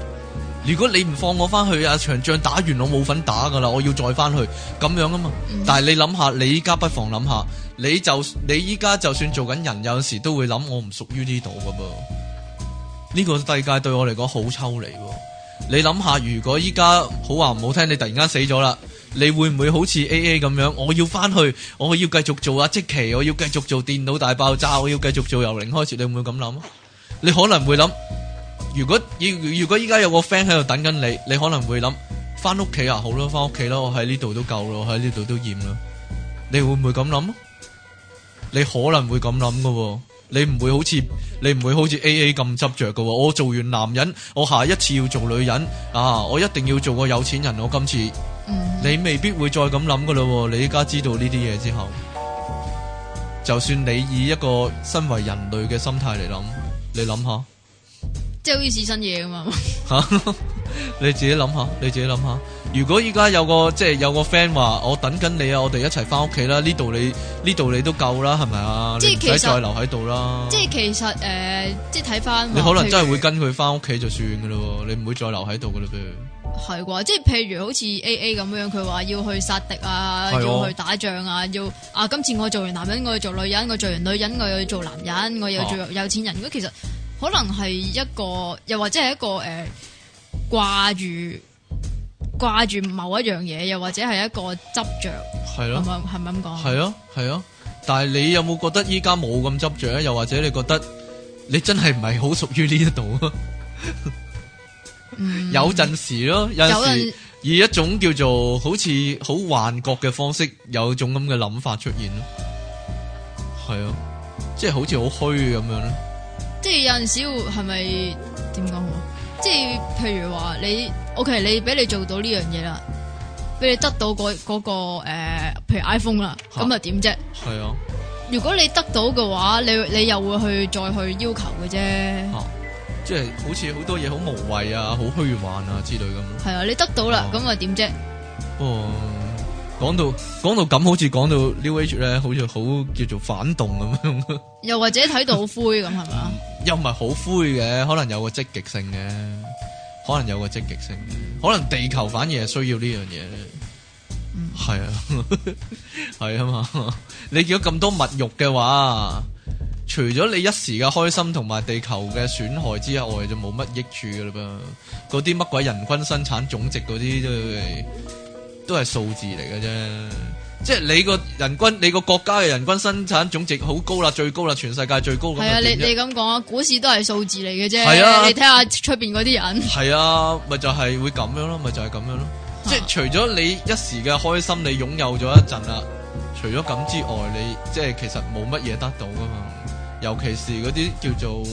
如果你唔放我翻去，阿、啊、場仗打完我冇份打噶啦，我要再翻去咁樣啊嘛。Mm hmm. 但係你諗下，你依家不妨諗下，你就你依家就算做緊人，有時都會諗，我唔屬於呢度噶噃，呢、這個世界對我嚟講好抽離。你諗下，如果依家好話唔好聽，你突然間死咗啦，你會唔會好似 A A 咁樣？我要翻去，我要繼續做阿積奇，我要繼續做電腦大爆炸，我要繼續做由零開始，你會唔會咁諗？你可能會諗，如果要如果依家有個 friend 喺度等緊你，你可能會諗翻屋企啊，好咯，翻屋企咯，我喺呢度都夠咯，喺呢度都厭啦，你會唔會咁諗？你可能會咁諗噶喎。你唔會好似你唔會好似 A A 咁執着噶我做完男人，我下一次要做女人啊！我一定要做個有錢人，我今次，嗯、你未必會再咁諗噶啦，你依家知道呢啲嘢之後，就算你以一個身為人類嘅心態嚟諗，你諗下，即係好似試新嘢咁嘛 你想想，你自己諗下，你自己諗下。如果依家有個即係有個 friend 話我等緊你啊，我哋一齊翻屋企啦，呢度你呢度你都夠啦，係咪啊？即係唔使再留喺度啦。即係其實誒，即係睇翻你可能真係會跟佢翻屋企就算噶咯，譬如你唔會再留喺度噶啦。係啩？即係譬如好似 A A 咁樣，佢話要去殺敵啊，哦、要去打仗啊，要啊，今次我做完男人，我去做女人，我做完女人，我又做男人，啊、我又做有，有錢人。如果其實可能係一個，又或者係一個誒掛住。呃掛住某一樣嘢，又或者係一個執着，係咯，係咪咁講？係啊，係啊，但係你有冇覺得依家冇咁執着咧？又或者你覺得你真係唔係好屬於呢一度啊？ 嗯、有陣時咯，有陣時以一種叫做好似好幻覺嘅方式，有種咁嘅諗法出現咯。係啊，即係好似好虛咁樣咯。即係有陣時是是，係咪點講好？即係譬如話你，OK，你俾你做到呢樣嘢啦，俾你得到嗰嗰、嗰個誒、呃，譬如 iPhone 啦，咁啊點啫？係啊，如果你得到嘅話，你你又會去再去要求嘅啫。啊，即係好似好多嘢好無謂啊，好虛幻啊之類咁。係啊，你得到啦，咁啊點啫？哦。Uh 講到講到咁，好似講到 New Age 咧，好似好叫做反動咁樣。又或者睇到灰咁，係嘛 吧？又唔係好灰嘅，可能有個積極性嘅，可能有個積極性。可能地球反而係需要呢樣嘢。係、嗯、是啊，係 啊嘛。你見到咁多物欲嘅話，除咗你一時嘅開心同埋地球嘅損害之外，就冇乜益處噶啦噃。嗰啲乜鬼人均生產總值嗰啲都都係數字嚟嘅啫，即係你個人均，你個國家嘅人均生產總值好高啦，最高啦，全世界最高。係啊，你你咁講啊，股市都係數字嚟嘅啫。係啊，你睇下出邊嗰啲人。係啊，咪就係、是、會咁樣咯，咪就係、是、咁樣咯。啊、即係除咗你一時嘅開心，你擁有咗一陣啦，除咗咁之外，你即係其實冇乜嘢得到噶嘛。尤其是嗰啲叫做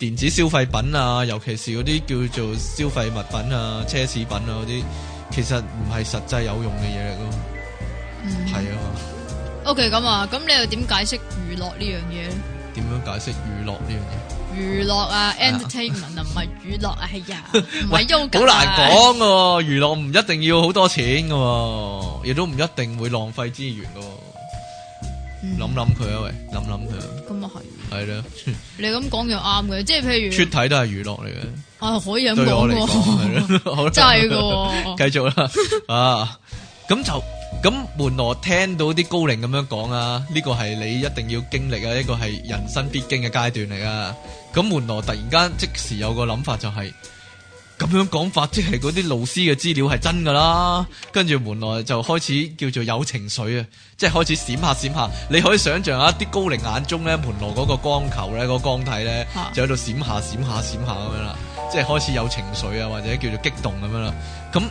電子消費品啊，尤其是嗰啲叫做消費物品啊、奢侈品啊嗰啲。其實唔係實際有用嘅嘢嚟咯，係啊 OK，咁啊，咁你又點解釋娛樂呢樣嘢咧？點樣解釋娛樂呢樣嘢？娛樂啊，entertainment 啊，唔係娛樂啊，係啊，唔係好難講噶，娛樂唔一定要好多錢噶，亦都唔一定會浪費資源噶。諗諗佢啊，喂，諗諗佢。咁啊係。係喇。你咁講又啱嘅，即係譬如，出體都係娛樂嚟嘅。啊、可以咁講喎，我 真係嘅喎，繼續啦吧， 啊，咁就咁門羅聽到啲高靈咁樣講啊，呢、這個係你一定要經歷啊，呢、這個係人生必經嘅階段嚟啊，咁門羅突然間即時有個諗法就係、是。咁樣講法，即係嗰啲老師嘅資料係真噶啦，跟住門羅就開始叫做有情緒啊，即係開始閃下閃下，你可以想象下，啲高靈眼中咧，門羅嗰個光球咧，嗰個光體咧，就喺度閃下閃下閃下咁樣啦，即係開始有情緒啊，或者叫做激動咁樣啦，咁。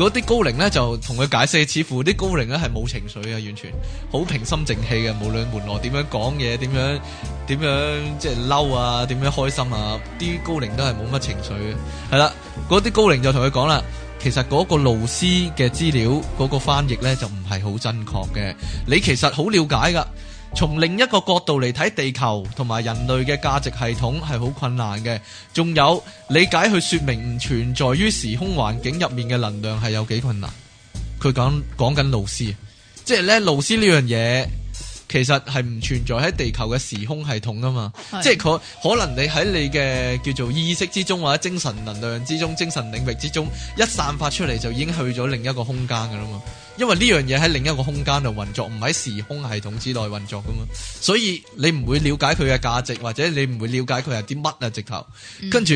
嗰啲高靈咧就同佢解釋，似乎啲高靈咧係冇情緒嘅，完全好平心靜氣嘅。無論門羅點樣講嘢，點樣點樣即係嬲啊，點樣開心啊，啲高靈都係冇乜情緒嘅。係啦，嗰啲高靈就同佢講啦，其實嗰個老師嘅資料，嗰個翻譯咧就唔係好正確嘅。你其實好了解㗎。從另一個角度嚟睇地球同埋人類嘅價值系統係好困難嘅，仲有理解去說明唔存在於時空環境入面嘅能量係有幾困難。佢講講緊盧斯，即係咧盧斯呢樣嘢。其實係唔存在喺地球嘅時空系統㗎嘛，是即係可可能你喺你嘅叫做意識之中或者精神能量之中、精神領域之中一散發出嚟就已經去咗另一個空間㗎喇嘛，因為呢樣嘢喺另一個空間度運作，唔喺時空系統之內運作㗎嘛，所以你唔會了解佢嘅價值，或者你唔會了解佢係啲乜啊直頭，嗯、跟住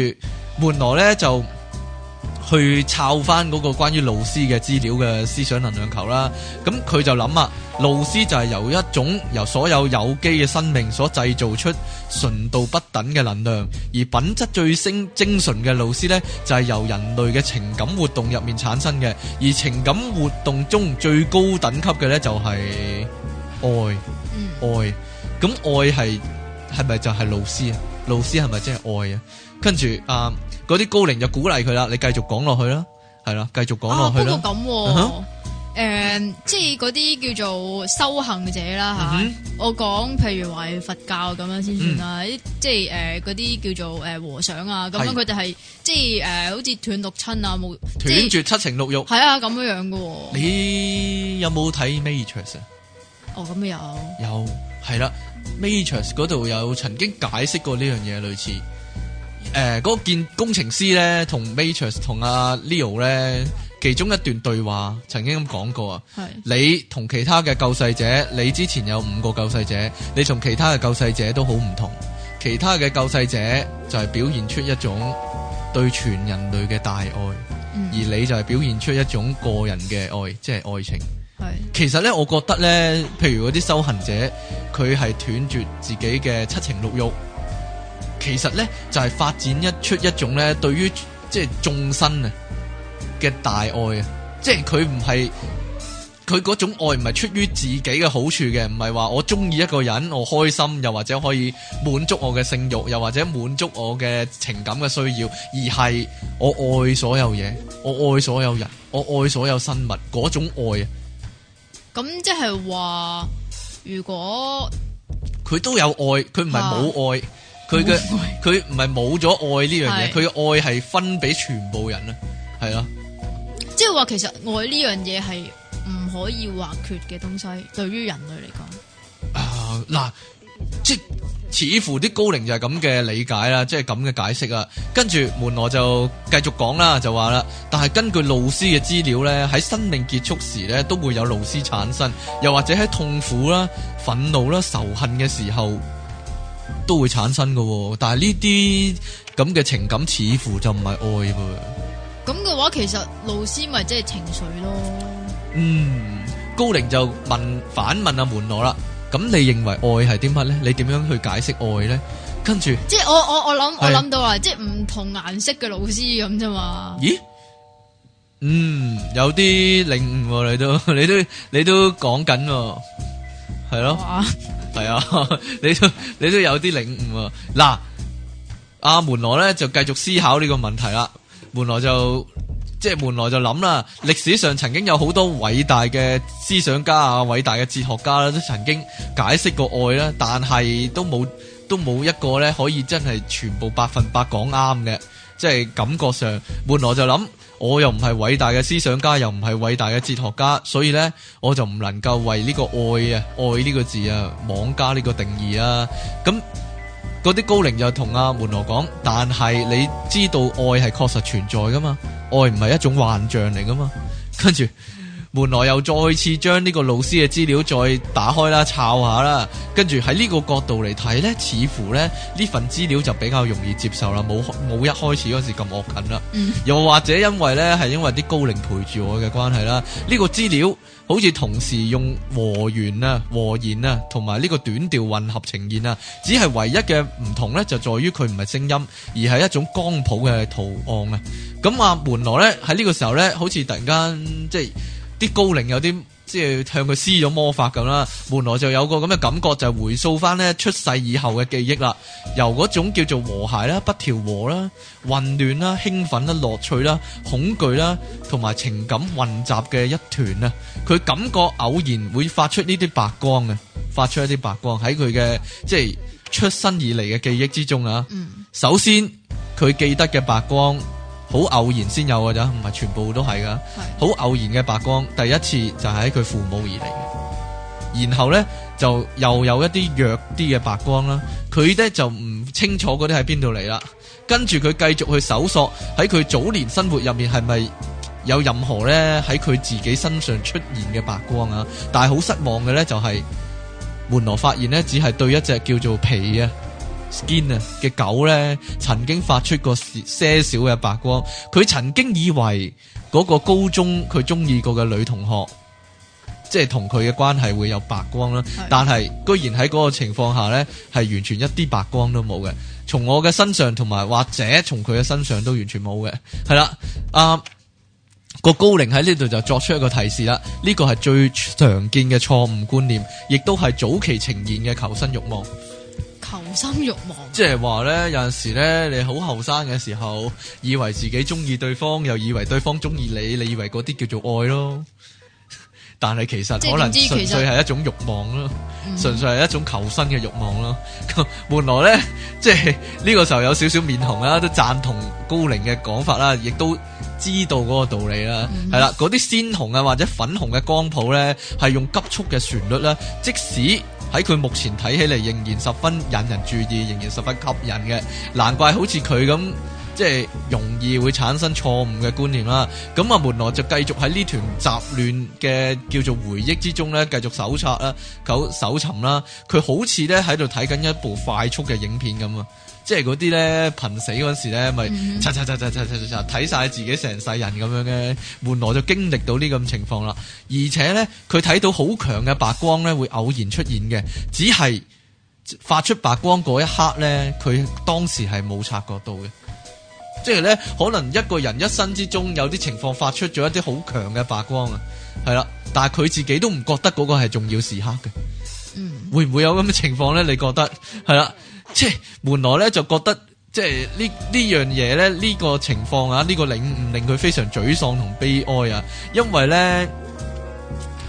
門羅呢就。去抄翻嗰個關於老師嘅資料嘅思想能量球啦，咁佢就諗啊，老師就係由一種由所有有機嘅生命所製造出純度不等嘅能量，而品質最精精純嘅老師呢，就係由人類嘅情感活動入面產生嘅，而情感活動中最高等級嘅呢，就係愛，愛，咁愛係係咪就係老師啊？老師係咪即係愛啊？跟住啊。嗰啲高靈就鼓勵佢啦，你繼續講落去啦，係啦，繼續講落去啦。不過咁，誒、啊，即係嗰啲叫做修行者啦，係我講譬如話佛教咁樣先算啦，即係誒嗰啲叫做誒和尚是、就是、啊，咁樣佢哋係即係誒好似斷六親啊，冇斷絕七情六欲。係、就是、啊，咁樣樣、啊、噶。你有冇睇 Matrix 啊？哦、oh,，咁有有係啦，Matrix 嗰度有曾經解釋過呢樣嘢，類似。誒，嗰件、呃那個、工程師咧，同 m a t o r s 同阿、啊、Leo 咧，其中一段對話曾經咁講過啊。係是你同其他嘅救世者，你之前有五個救世者，你同其他嘅救世者都好唔同。其他嘅救世者就係表現出一種對全人類嘅大愛，嗯、而你就係表現出一種個人嘅愛，即、就、係、是、愛情。係是其實咧，我覺得咧，譬如嗰啲修行者，佢係斷絕自己嘅七情六欲。其實呢，就係、是、發展一出一種咧，對於即係眾生啊嘅大愛啊，即係佢唔係佢嗰種愛唔係出於自己嘅好處嘅，唔係話我鍾意一個人我開心，又或者可以滿足我嘅性慾，又或者滿足我嘅情感嘅需要，而係我愛所有嘢，我愛所有人，我愛所有生物嗰種愛啊。咁即係話，如果佢都有愛，佢唔係冇愛。佢嘅佢唔係冇咗愛呢樣嘢，佢嘅是愛係分俾全部人啦，係啊，即係話其實愛呢樣嘢係唔可以或缺嘅東西，對於人類嚟講啊，嗱、呃，即似，似乎啲高靈就係咁嘅理解啦，即係咁嘅解釋啊，跟住門羅就繼續講啦，就話、是、啦，但係根據老師嘅資料咧，喺生命結束時咧都會有老師產生，又或者喺痛苦啦、憤怒啦、仇恨嘅時候。都會產生嘅，但係呢啲咁嘅情感似乎就唔係愛噃。咁嘅話，其實老師咪即係情緒咯。嗯，高齡就問反問阿門羅啦。咁你認為愛係啲乜咧？你點樣去解釋愛咧？跟住即係我我我諗我諗到啊，即係唔同顏色嘅老師咁啫嘛。咦？嗯，有啲領悟你都你都你都講緊喎，係咯。係啊， 你都你都有啲領悟啊！嗱，阿、啊、門羅咧就繼續思考呢個問題啦。門羅就即係、就是、門羅就諗啦，歷史上曾經有好多偉大嘅思想家啊，偉大嘅哲學家啦，都曾經解釋過愛啦，但係都冇都冇一個咧可以真係全部百分百講啱嘅，即、就、係、是、感覺上門羅就諗。我又唔係偉大嘅思想家，又唔係偉大嘅哲學家，所以呢，我就唔能夠為呢個愛啊，愛呢個字啊，妄加呢個定義啊。咁嗰啲高靈就同阿、啊、門羅講，但係你知道愛係確實存在噶嘛？愛唔係一種幻象嚟噶嘛？跟住。門羅又再次將呢個老師嘅資料再打開啦，抄下啦，跟住喺呢個角度嚟睇呢，似乎呢呢份資料就比較容易接受啦，冇冇一開始嗰時咁惡緊啦。嗯、又或者因為呢係因為啲高靈陪住我嘅關係啦，呢、這個資料好似同時用和弦啊、和弦啊，同埋呢個短調混合呈現啊，只係唯一嘅唔同呢，就在於佢唔係聲音，而係一種光譜嘅圖案啊。咁阿門羅呢，喺呢個時候呢，好似突然間、嗯、即係。啲高齡有啲即係向佢施咗魔法咁啦，門羅就有個咁嘅感覺，就係回溯翻咧出世以後嘅記憶啦。由嗰種叫做和諧啦、不調和啦、混亂啦、興奮啦、樂趣啦、恐懼啦，同埋情感混雜嘅一團啊。佢感覺偶然會發出呢啲白光啊，發出一啲白光喺佢嘅即係出生以嚟嘅記憶之中啊。首先佢記得嘅白光。好偶然先有嘅咋，唔係全部都係噶。好的偶然嘅白光，第一次就喺佢父母而嚟。然後呢，就又有一啲弱啲嘅白光啦。佢呢就唔清楚嗰啲喺邊度嚟啦。跟住佢繼續去搜索，喺佢早年生活入面係咪有任何呢喺佢自己身上出現嘅白光啊？但係好失望嘅呢，就係門羅發現呢，只係對一隻叫做皮啊。Skin 啊嘅狗呢曾經發出過些少嘅白光，佢曾經以為嗰個高中佢中意過嘅女同學，即係同佢嘅關係會有白光啦。的但係居然喺嗰個情況下呢，係完全一啲白光都冇嘅。從我嘅身上同埋或者從佢嘅身上都完全冇嘅。係啦，啊、那個高靈喺呢度就作出一個提示啦。呢個係最常見嘅錯誤觀念，亦都係早期呈現嘅求生慾望。求生慾望，即係話呢，有陣時咧，你好後生嘅時候，以為自己中意對方，又以為對方中意你，你以為嗰啲叫做愛咯， 但係其實可能純粹係一種慾望咯，純、嗯、哼粹係一種求生嘅慾望咯。換 來呢，即係呢個時候有少少面紅啦，都贊同高齡嘅講法啦，亦都知道嗰個道理啦，係啦、嗯哼，嗰啲鮮紅啊或者粉紅嘅光譜呢，係用急速嘅旋律啦，即使。喺佢目前睇起嚟仍然十分引人注意，仍然十分吸引嘅，難怪好似佢咁即係容易會產生錯誤嘅觀念啦。咁啊，門羅就繼續喺呢團雜亂嘅叫做回憶之中咧，繼續搜查啦，搜搜尋啦，佢好似咧喺度睇緊一部快速嘅影片咁啊。即係嗰啲咧，瀕死嗰時咧，咪嚓嚓嚓嚓嚓嚓嚓睇晒自己成世人咁樣嘅，門羅就經歷到呢咁情況啦。而且咧，佢睇到好強嘅白光咧，會偶然出現嘅，只係發出白光嗰一刻咧，佢當時係冇察覺到嘅。即係咧，可能一個人一生之中有啲情況發出咗一啲好強嘅白光啊，係啦，但係佢自己都唔覺得嗰個係重要時刻嘅。嗯，會唔會有咁嘅情況咧？你覺得係啦。即係門羅，原來咧就覺得即係呢呢樣嘢咧呢個情況啊呢、呢個，令令佢非常沮喪同悲哀啊，因為咧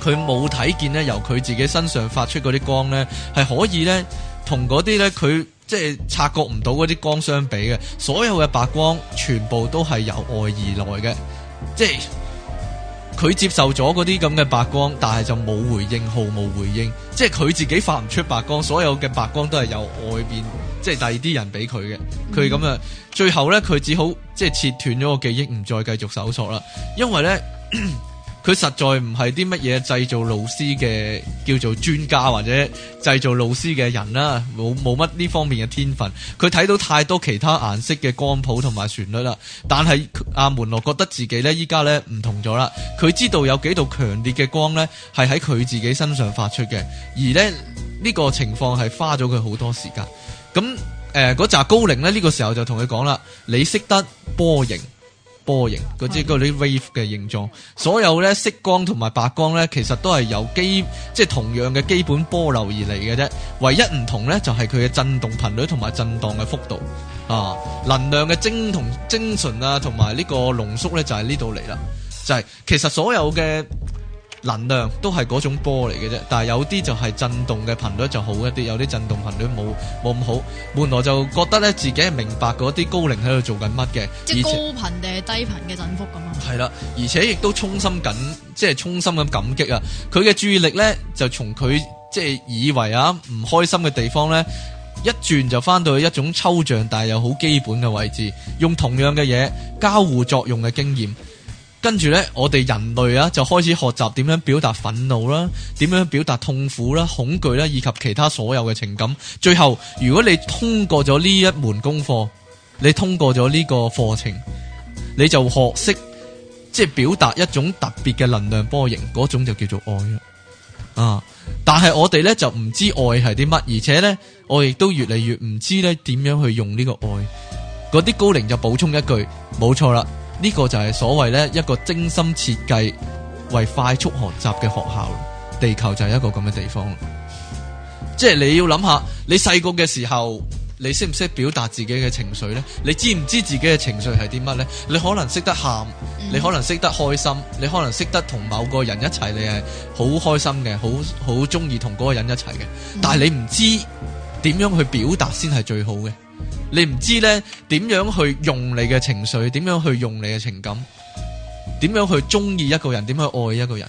佢冇睇見咧由佢自己身上發出嗰啲光咧係可以咧同嗰啲咧佢即係察覺唔到嗰啲光相比嘅，所有嘅白光全部都係由外而來嘅，即係。佢接受咗嗰啲咁嘅白光，但係就冇回應，毫無回應。即係佢自己發唔出白光，所有嘅白光都係由外邊，即係第二啲人俾佢嘅。佢咁啊，嗯、最後呢，佢只好即係切斷咗個記憶，唔再繼續搜索啦。因為呢。 佢實在唔係啲乜嘢製造老師嘅叫做專家或者製造老師嘅人啦，冇冇乜呢方面嘅天分。佢睇到太多其他顏色嘅光譜同埋旋律啦，但係阿門羅覺得自己呢，依家呢唔同咗啦。佢知道有幾度強烈嘅光呢係喺佢自己身上發出嘅，而咧呢、呢個情況係花咗佢好多時間。咁誒嗰扎高靈呢，呢、呢個時候就同佢講啦：你識得波形。波形嗰啲啲 wave 嘅形狀，所有咧色光同埋白光咧，其實都係由基即係同樣嘅基本波流而嚟嘅啫，唯一唔同咧就係佢嘅震動頻率同埋震盪嘅幅度啊，能量嘅精同精純啊，同埋呢個濃縮咧就係呢度嚟啦，就係其實所有嘅。能量都係嗰種波嚟嘅啫，但係有啲就係震動嘅頻率就好一啲，有啲震動頻率冇冇咁好。門羅就覺得咧，自己係明白嗰啲高靈喺度做緊乜嘅，即係高頻定係低頻嘅振幅咁啊？係啦，而且亦都衷心緊，即係衷心咁感激啊！佢嘅注意力呢，就從佢即係以為啊唔開心嘅地方呢，一轉就翻到去一種抽象但係又好基本嘅位置，用同樣嘅嘢交互作用嘅經驗。跟住呢，我哋人類啊，就開始學習點樣表達憤怒啦，點樣表達痛苦啦、恐懼啦，以及其他所有嘅情感。最後，如果你通過咗呢一門功課，你通過咗呢個課程，你就學識即係表達一種特別嘅能量波形，嗰種就叫做愛啦。啊！但係我哋呢，就唔知愛係啲乜，而且呢，我亦都越嚟越唔知呢點樣去用呢個愛。嗰啲高靈就補充一句，冇錯啦。呢個就係所謂咧，一個精心設計為快速學習嘅學校，地球就係一個咁嘅地方。即係你要諗下，你細個嘅時候，你識唔識表達自己嘅情緒呢？你知唔知自己嘅情緒係啲乜呢？你可能識得喊，你可能識得開心，你可能識得同某個人一齊，你係好開心嘅，好好中意同嗰個人一齊嘅。但係你唔知點樣去表達先係最好嘅。你唔知呢點樣去用你嘅情緒，點樣去用你嘅情感，點樣去中意一個人，點樣去愛一個人？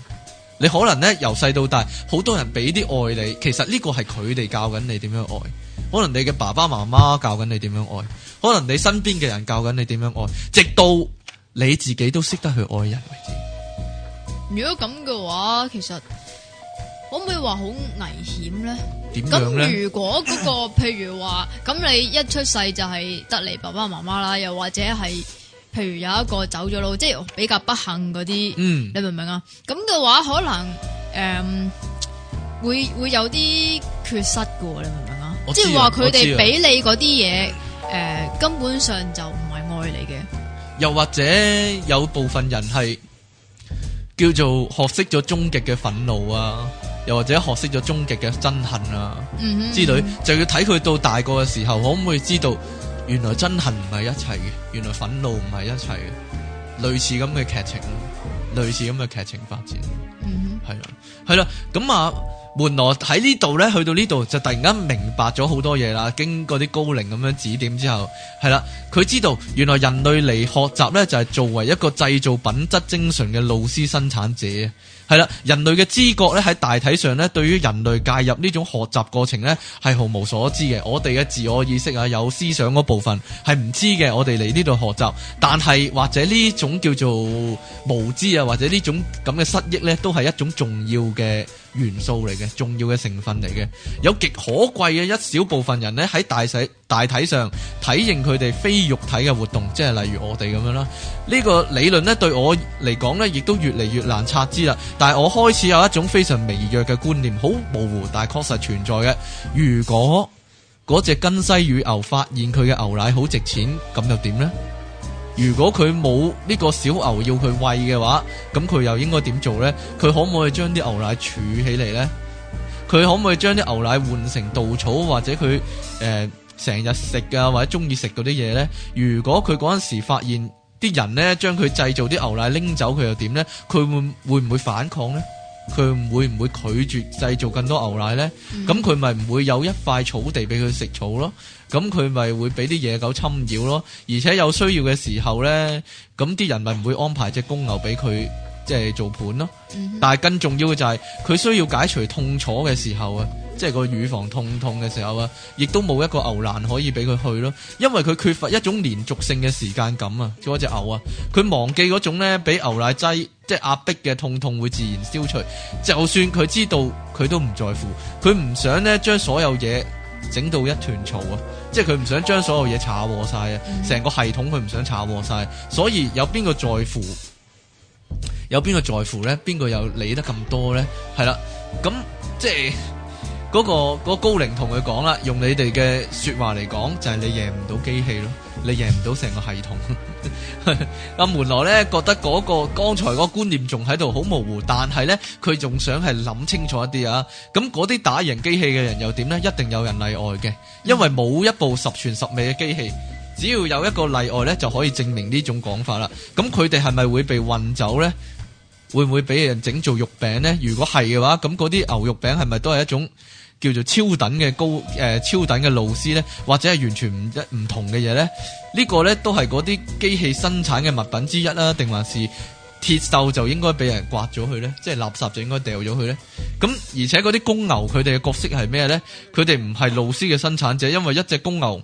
你可能呢由細到大，好多人俾啲愛你，其實呢個係佢哋教緊你點樣愛，可能你嘅爸爸媽媽教緊你點樣愛，可能你身邊嘅人教緊你點樣愛，直到你自己都識得去愛人為止。如果咁嘅話，其實。可唔可以話好危險咧？咁樣如果嗰、嗰個譬如話，咁 你一出世就係得你爸爸媽媽啦，又或者係譬如有一個走咗路，即係比較不幸嗰啲，嗯呃，你明唔明啊？咁嘅話可能誒會會有啲缺失噶，你明唔明啊？即係話佢哋俾你嗰啲嘢，誒，呃、根本上就唔係愛你嘅。又或者有部分人係叫做學識咗終極嘅憤怒啊！又或者學識咗終極嘅憎恨啊之類，就要睇佢到大個嘅時候可唔可以知道，原來憎恨唔係一齊嘅，原來憤怒唔係一齊嘅，類似咁嘅劇情，類似咁嘅劇情發展，係啦、嗯哼，係啦，咁啊，門羅喺呢度呢，去到呢度就突然間明白咗好多嘢啦，經過啲高靈咁樣指點之後，係啦，佢知道原來人類嚟學習呢，就係、是、作為一個製造品質精神嘅老師生產者。係啦，人類嘅知覺咧喺大體上咧，對於人類介入呢種學習過程咧，係毫無所知嘅。我哋嘅自我意識啊，有思想嗰部分係唔知嘅。我哋嚟呢度學習，但係或者呢種叫做無知啊，或者呢種咁嘅失憶咧，都係一種重要嘅元素嚟嘅，重要嘅成分嚟嘅，有極可貴嘅一小部分人呢，喺大洗大體上體認佢哋非肉體嘅活動，即係例如我哋咁樣啦。呢個理論呢，對我嚟講呢，亦都越嚟越難察知啦。但係我開始有一種非常微弱嘅觀念，好模糊，但係確實存在嘅。如果嗰隻根西乳牛發現佢嘅牛奶好值錢，咁又點呢？如果佢冇呢個小牛要佢餵嘅話，咁佢又應該點做呢？佢可唔可以將啲牛奶儲起嚟呢？佢可唔可以將啲牛奶換成稻草，或者佢誒成日食啊或者鍾意食嗰啲嘢呢？如果佢嗰陣時發現啲人呢將佢製造啲牛奶拎走，佢又點呢？佢會會唔會反抗呢？佢唔會唔會拒絕製造更多牛奶呢？咁佢咪唔會有一塊草地俾佢食草咯？咁佢咪會俾啲野狗侵擾咯？而且有需要嘅時候呢，咁啲人咪唔會安排隻公牛俾佢即係做盤咯？嗯、哼但係更重要嘅就係佢需要解除痛楚嘅時候啊！嗯哼嗯即係個乳房痛痛嘅時候啊，亦都冇一個牛欄可以俾佢去咯，因為佢缺乏一種連續性嘅時間感啊！嗰隻牛啊，佢忘記嗰種呢，俾牛奶擠，即係壓迫嘅痛痛會自然消除。就算佢知道，佢都唔在乎，佢唔想呢將所有嘢整到一團糟啊！即係佢唔想將所有嘢查和晒啊，成、嗯嗯、個系統佢唔想查和晒，所以有邊個在乎？有邊個在乎呢？邊個又理得咁多呢？係啦，咁即係。嗰個嗰高靈同佢講啦，用你哋嘅説話嚟講，就係你贏唔到機器咯，你贏唔到成個系統。阿門羅咧覺得嗰個剛才嗰觀念仲喺度好模糊，但係咧佢仲想係諗清楚一啲啊。咁嗰啲打贏機器嘅人又點咧？一定有人例外嘅，因為冇一部十全十美嘅機器，只要有一個例外咧，就可以證明呢種講法啦。咁佢哋係咪會被運走咧？會唔會俾人整做肉餅咧？如果係嘅話，咁嗰啲牛肉餅係咪都係一種？叫做超等嘅高，誒、呃、超等嘅 Loosh 呢，或者係完全唔一唔同嘅嘢呢。呢、這個呢都係嗰啲機器生產嘅物品之一啦、啊，定還是鐵鏽就應該俾人刮咗佢呢？即係垃圾就應該掉咗佢呢？咁而且嗰啲公牛佢哋嘅角色係咩呢？佢哋唔係 Loosh 嘅生產者，因為一隻公牛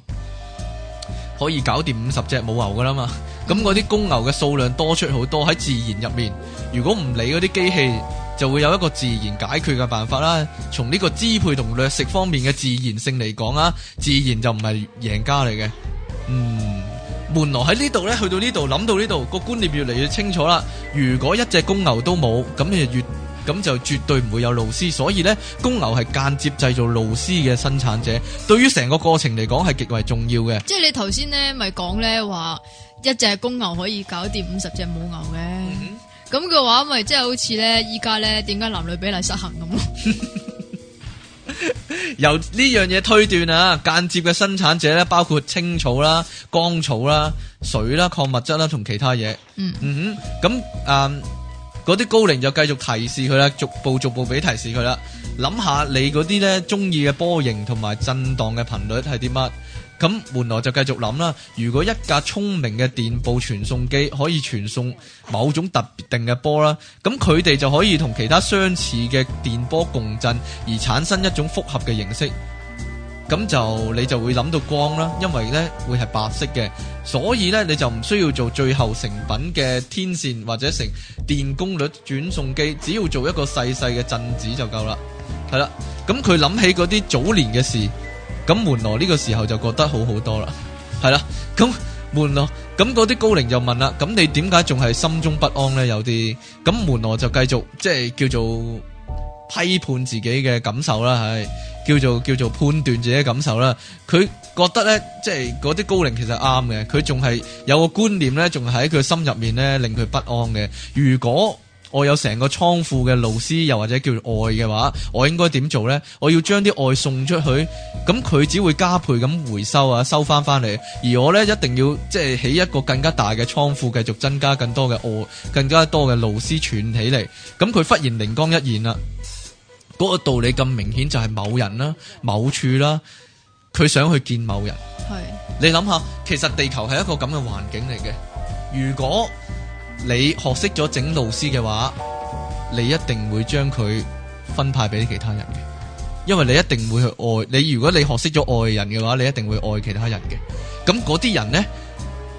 可以搞掂五十隻母牛噶啦嘛，咁嗰啲公牛嘅數量多出好多喺自然入面，如果唔理嗰啲機器，就會有一個自然解決嘅辦法啦。從呢個支配同掠食方面嘅自然性嚟講啊，自然就唔係贏家嚟嘅。嗯，門羅喺呢度呢去到呢度諗到呢度，個觀念越嚟越清楚啦。如果一隻公牛都冇，咁你就越咁就絕對唔會有勞斯。所以呢，公牛係間接製造勞斯嘅生產者，對於成個過程嚟講係極為重要嘅。即係你頭先呢咪講呢話，一隻公牛可以搞掂五十隻母牛嘅。嗯咁嘅話，咪即係好似咧，依家咧，點解男女比例失衡咁咯？由呢樣嘢推斷啊，間接嘅生產者咧，包括青草啦、乾草啦、水啦、礦物質啦，同其他嘢。嗯嗯哼，咁誒，嗰、呃、啲高靈就繼續提示佢啦，逐步逐步俾提示佢啦。諗下你嗰啲咧中意嘅波形同埋震盪嘅頻率係啲乜？咁門羅就繼續諗啦，如果一架聰明嘅電報傳送機可以傳送某種特定嘅波啦，咁佢哋就可以同其他相似嘅電波共振，而產生一種複合嘅形式。咁就你就會諗到光啦，因為呢會係白色嘅，所以呢你就唔需要做最後成品嘅天線或者成電功率轉送機，只要做一個細細嘅振子就夠啦。係啦，咁佢諗起嗰啲早年嘅事。咁門羅呢個時候就覺得好好多啦，係 啦，咁門羅咁嗰啲高靈就問啦，咁你點解仲係心中不安咧？有啲咁門羅就繼續即係叫做批判自己嘅感受啦，係叫做叫做判斷自己嘅感受啦。佢覺得咧，即係嗰啲高靈其實啱嘅，佢仲係有個觀念咧，仲係喺佢心入面咧令佢不安嘅。如果我有成個倉庫嘅勞斯，又或者叫做愛嘅話，我應該點做呢？我要將啲愛送出去，咁佢只會加倍咁回收啊，收翻翻嚟。而我呢，一定要即係起一個更加大嘅倉庫，繼續增加更多嘅愛，更加多嘅勞斯串起嚟。咁佢忽然靈光一現啦，嗰個道理咁明顯就係某人啦，某處啦，佢想去見某人。係是你諗下，其實地球係一個咁嘅環境嚟嘅。如果你學識咗整老師嘅話，你一定會將佢分派俾其他人嘅，因為你一定會去愛。你如果你學識咗愛人嘅話，你一定會愛其他人嘅。咁嗰啲人呢，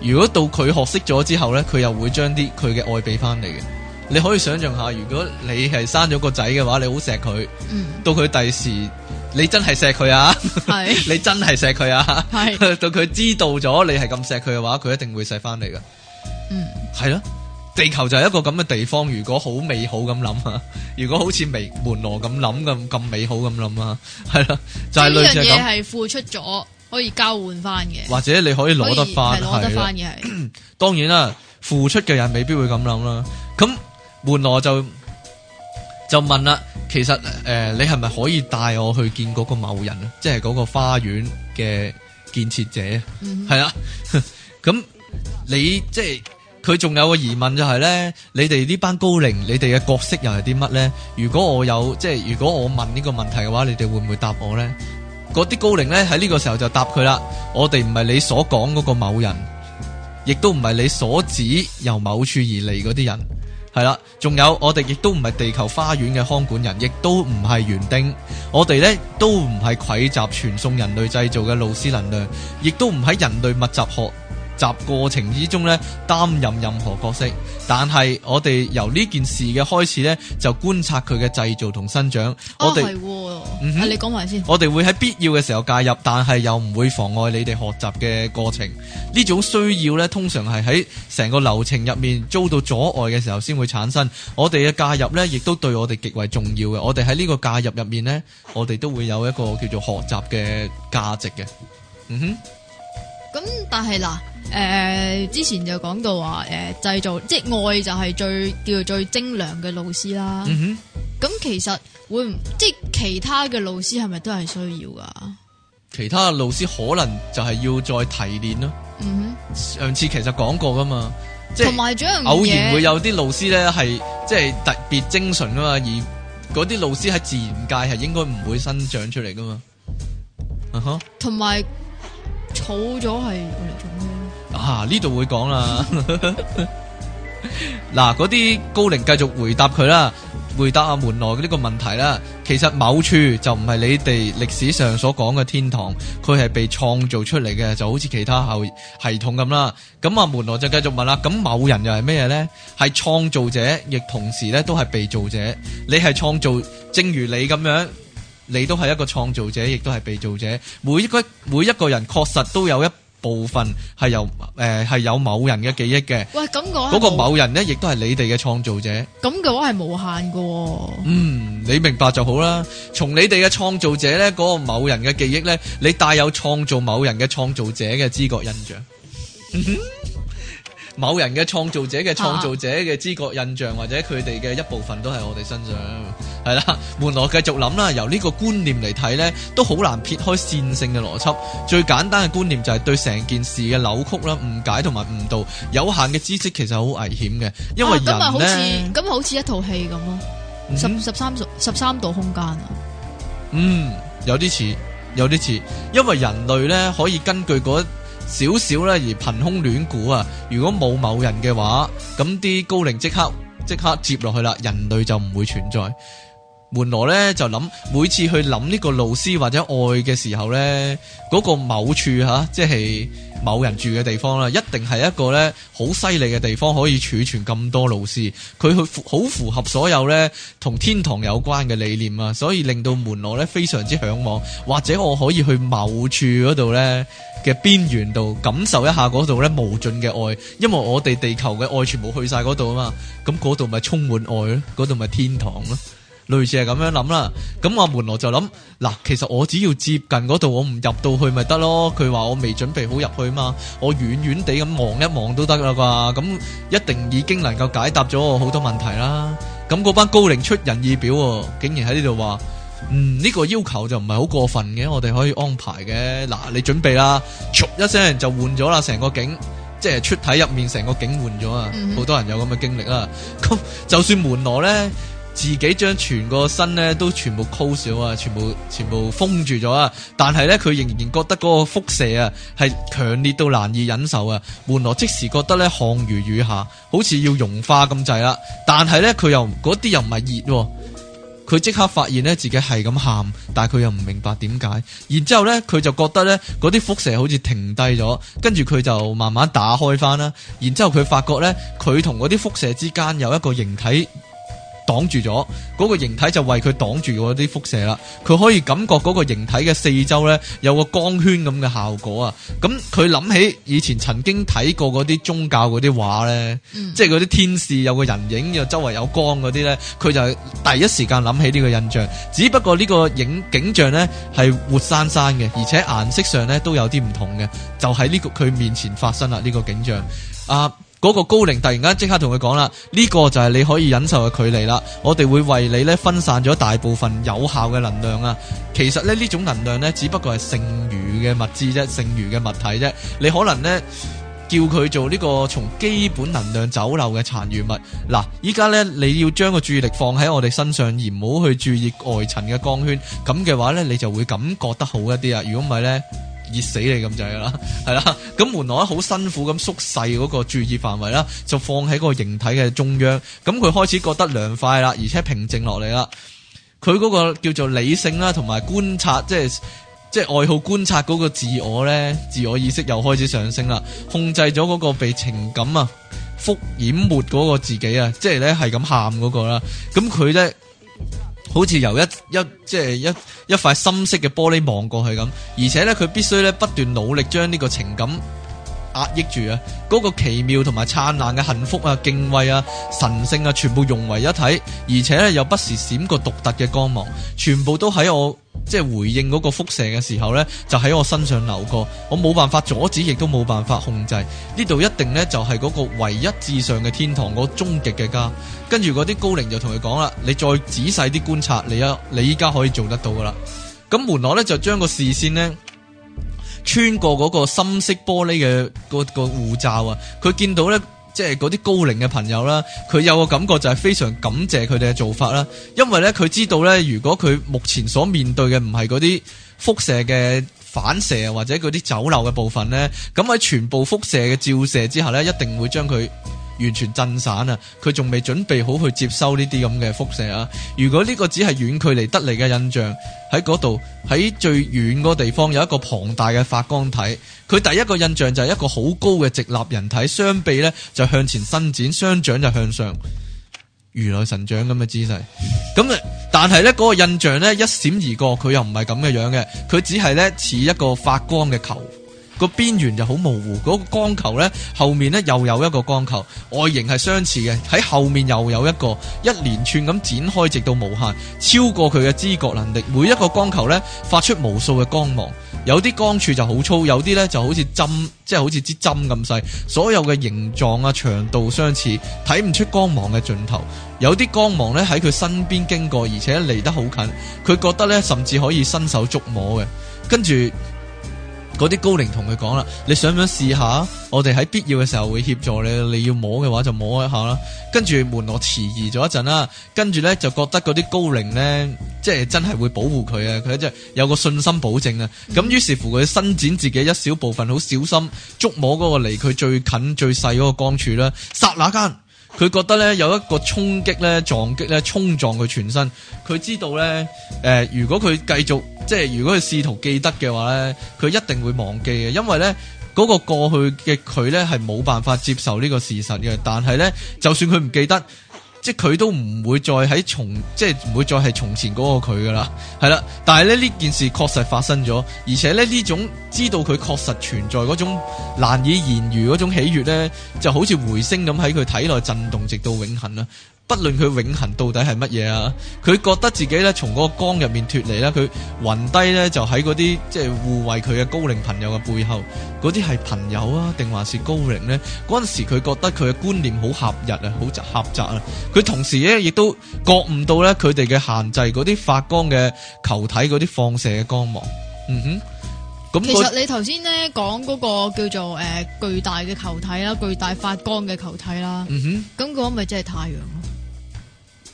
如果到佢學識咗之後呢，佢又會將啲佢嘅愛俾翻你嘅。你可以想象下，如果你係生咗個仔嘅話，你好錫佢，嗯、到佢第時你真係錫佢啊，你真係錫佢啊，到佢知道咗你係咁錫佢嘅話，佢一定會錫翻你噶，嗯，係咯。地球就係一個咁嘅地方，如果好美好咁諗啊，如果好似微門羅咁諗咁咁美好咁諗啊，係啦，就係、是、類似咁。一樣嘢係付出咗，可以交換翻嘅。或者你可以攞得翻，係咯。當然啦，付出嘅人未必會咁諗啦。咁門羅就就問啦，其實誒、呃，你係咪可以帶我去見嗰個某人啊？即係嗰個花園嘅建設者啊？係啊、嗯哼，咁 你即係。就是佢仲有個疑問就係、是、呢你哋呢班高靈，你哋嘅角色又係啲乜呢？如果我有即係，如果我問呢個問題嘅話，你哋會唔會答我呢？嗰啲高靈呢，喺呢個時候就答佢啦。我哋唔係你所講嗰個某人，亦都唔係你所指由某處而嚟嗰啲人，係啦。仲有我哋亦都唔係地球花園嘅看管人，亦都唔係園丁。我哋呢，都唔係攜集傳送人類製造嘅露絲能量，亦都唔係人類密集學習過程之中咧，擔任任何角色。但係我哋由呢件事嘅開始咧，就觀察佢嘅製造同生長。我哋，嗯哼，你講埋先。我哋會喺必要嘅時候介入，但係又唔會妨礙你哋學習嘅過程。呢種需要咧，通常係喺成個流程入面遭到阻礙嘅時候先會產生。我哋嘅介入咧，亦都對我哋極為重要嘅。我哋喺呢個介入入面呢，我哋都會有一個叫做學習嘅價值嘅，嗯哼。咁但係嗱，誒、呃、之前就講到話，誒、呃、製造即係愛就係最叫做最精良嘅老師啦。咁、嗯、哼其實會唔即係其他嘅老師係咪都係需要噶？其他嘅老師可能就係要再提煉咯。嗯、哼上次其實講過噶嘛，即係同埋仲有偶然會有啲老師咧係即係特別精純啊嘛，而嗰啲老師喺自然界係應該唔會生長出嚟噶嘛。啊同埋。Huh. 儲咗係我嚟做咩？啊，呢度會講啦，嗱，嗰啲高靈繼續回答佢啦，回答阿、啊、門羅嘅呢個問題啦。其實某處就唔係你哋歷史上所講嘅天堂，佢係被創造出嚟嘅，就好似其他係系統咁啦。咁啊，門羅就繼續問啦。咁某人又係咩嘢咧？係創造者，亦同時咧都係被造者。你係創造，正如你咁樣。你都係一個創造者，亦都係被造者。每一個每一個人確實都有一部分係由誒係、呃、有某人嘅記憶嘅。喂，咁個嗰個某人呢，亦都係你哋嘅創造者。咁嘅話係無限嘅喎、哦。嗯，你明白就好啦。從你哋嘅創造者呢，嗰、嗰個某人嘅記憶呢，你帶有創造某人嘅創造者嘅知覺印象。 某人嘅創造者嘅創造者嘅知覺印象，啊、或者佢哋嘅一部分都係我哋身上，係啦。門羅繼續諗啦，由呢個觀念嚟睇呢，都好難撇開線性嘅邏輯。最簡單嘅觀念就係對成件事嘅扭曲啦、誤解同埋誤導。有限嘅知識其實好危險嘅，因為咁啊，好似咁啊，呢好似一套戲咁咯。十、嗯、十三十，十三度空間啊，嗯，有啲似，有啲似，因為人類呢，可以根據嗰。少少咧，而憑空亂估啊！如果冇某人嘅話，咁啲高靈即刻即刻接落去啦，人類就唔會存在。San 門羅呢，就諗，每次去諗呢個老師或者愛嘅時候呢，嗰個某處，即係某人住嘅地方，一定係一個呢，好犀利嘅地方可以儲存咁多老師，佢去好符合所有呢，同天堂有關嘅理念，所以令到門羅呢，非常之向往，或者我可以去某處嗰度呢，嘅邊緣度，感受一下嗰度呢，無盡嘅愛，因為我哋地球嘅愛全部去晒嗰度啊嘛，咁嗰度咪充滿愛咯，嗰度咪天堂咯。類似係咁樣諗啦，咁阿門羅就諗嗱，其實我只要接近嗰度，我唔入到去咪得咯。佢話我未準備好入去嘛，我遠遠地咁望一望都得啦啩。咁一定已經能夠解答咗我好多問題啦。咁嗰班高靈出人意表，竟然喺呢度話，嗯，呢個要求就唔係好過分嘅，我哋可以安排嘅。嗱，你準備啦，一聲就換咗啦，成個景即係出體入面成個景換咗啊，嗯哼，好多人有咁嘅經歷啦。咁就算門羅呢。自己將全個身咧都全部 close 咗啊，全部全部封住咗啊！但係咧，佢仍然覺得嗰個輻射啊係強烈到難以忍受啊！門羅即時覺得咧汗如雨下，好似要融化咁滯啦！但係咧，佢又嗰啲又唔係熱喎。佢即刻發現咧自己係咁喊，但係佢又唔明白點解。然之後咧，佢就覺得咧嗰啲輻射好似停低咗，跟住佢就慢慢打開翻啦。然之後佢發覺咧，佢同嗰啲輻射之間有一個形體。擋住咗嗰、嗰個形體就為佢擋住嗰啲輻射啦。佢可以感覺嗰個形體嘅四周呢，有個光圈咁嘅效果啊。咁佢諗起以前曾經睇過嗰啲宗教嗰啲畫呢，嗯、即係嗰啲天使有個人影又周圍有光嗰啲呢，佢就第一時間諗起呢個印象。只不過呢個影景象呢係活生生嘅，而且顏色上呢都有啲唔同嘅，就喺呢、呢個佢面前發生啦呢、呢個景象啊。嗰個高靈突然間即刻同佢講啦，呢個就係你可以忍受嘅距離啦。我哋會為你咧分散咗大部分有效嘅能量啊。其實咧呢種能量呢，只不過係剩餘嘅物質啫，剩餘嘅物體啫。你可能呢，叫佢做呢個從基本能量走漏嘅殘餘物。嗱，依家呢，你要將個注意力放喺我哋身上，而唔好去注意外層嘅光圈。咁嘅話呢，你就會感覺得好一啲啊。如果唔係呢。熱死你咁滯啦，係 啦，嗯，咁門羅好辛苦咁縮細嗰個注意範圍啦，就放喺個形體嘅中央，咁佢開始覺得涼快啦，而且平靜落嚟啦，佢嗰個叫做理性啦，啊，同埋觀察，即係即係愛好觀察嗰個自我呢，自我意識又開始上升啦，控制咗嗰個被情感啊覆淹沒嗰個自己啊，即係呢係咁喊嗰個啦，咁佢呢。好似由一一即係一一塊深色嘅玻璃望過去咁，而且咧佢必須咧不斷努力將呢個情感，壓抑住啊！嗰、那個奇妙同埋燦爛嘅幸福啊、敬畏啊、神聖啊，全部融為一體，而且咧又不時閃過獨特嘅光芒，全部都喺我即係回應嗰個輻射嘅時候呢，就喺我身上流過，我冇辦法阻止，亦都冇辦法控制。呢度一定呢，就係、是、嗰個唯一至上嘅天堂，嗰個終極嘅家。跟住嗰啲高靈就同佢講啦：「你再仔細啲觀察，你啊，你依家可以做得到噶啦。咁門羅呢，就將個視線呢。穿過嗰個深色玻璃嘅嗰個護罩啊，佢見到呢，即係嗰啲高齡嘅朋友啦，佢有個感覺就係非常感謝佢哋嘅做法啦，因為呢，佢知道呢，如果佢目前所面對嘅唔係嗰啲輻射嘅反射或者嗰啲走漏嘅部分呢，咁喺全部輻射嘅照射之下呢，一定會將佢。完全震散啊！佢仲未準備好去接收呢啲咁嘅輻射啊！如果呢個只係遠距離得嚟嘅印象，喺嗰度，喺最遠嗰地方有一個龐大嘅發光體，佢第一個印象就係一個好高嘅直立人體，雙臂咧就向前伸展，雙掌就向上，如來神掌咁嘅姿勢。咁，但係咧嗰個印象咧一閃而過，佢又唔係咁嘅樣嘅，佢只係咧似一個發光嘅球。個邊緣就好模糊，嗰個光球呢，後面呢又有一個光球，外形係相似嘅，喺後面又有一個一連串咁展開直到無限，超過佢嘅知覺能力。每一個光球呢，發出無數嘅光芒，有啲光柱就好粗，有啲呢就好似針，即係好似支針咁細。所有嘅形狀啊、長度相似，睇唔出光芒嘅盡頭。有啲光芒呢，喺佢身邊經過，而且離得好近，佢覺得呢，甚至可以伸手觸摸嘅，跟住。嗰啲高齡同佢講啦，你想唔想試下？我哋喺必要嘅時候會協助你，你要摸嘅話就摸一下啦。跟住門羅遲疑咗一陣啦，跟住咧就覺得嗰啲高齡咧，即係真係會保護佢啊！佢即係有個信心保證啊！咁於是乎佢伸展自己一小部分，好小心捉摸嗰個離佢最近最細嗰個光柱啦，剎那間。佢覺得咧，有一個衝擊咧，撞擊咧，衝撞佢全身，佢知道咧，誒、呃，如果佢繼續，即係如果佢試圖記得嘅話咧，佢一定會忘記嘅，因為咧嗰、那個過去嘅佢咧係冇辦法接受呢個事實嘅，但係咧就算佢唔記得。即係佢都唔會再喺從，即係唔會再係從前嗰個佢噶啦，係啦。但係咧呢件事確實發生咗，而且咧呢種知道佢確實存在嗰種難以言喻嗰種喜悅咧，就好似回聲咁喺佢體內震動，直到永恆啦。不論佢永恆到底係乜嘢啊，佢覺得自己咧從嗰個光入面脱離啦，佢暈低咧就喺嗰啲即係護衛佢嘅高齡朋友嘅背後，嗰啲係朋友啊，定還是高齡呢？嗰陣時佢覺得佢嘅觀念好狹日啊，好狹窄啊！佢同時咧亦都覺唔到咧佢哋嘅限制，嗰啲發光嘅球體、嗰啲放射嘅光芒，嗯哼。咁、嗯、其實你頭先咧講嗰個叫做誒、呃、巨大嘅球體啦，巨大發光嘅球體啦，嗯哼。咁嗰咪即係太陽咯？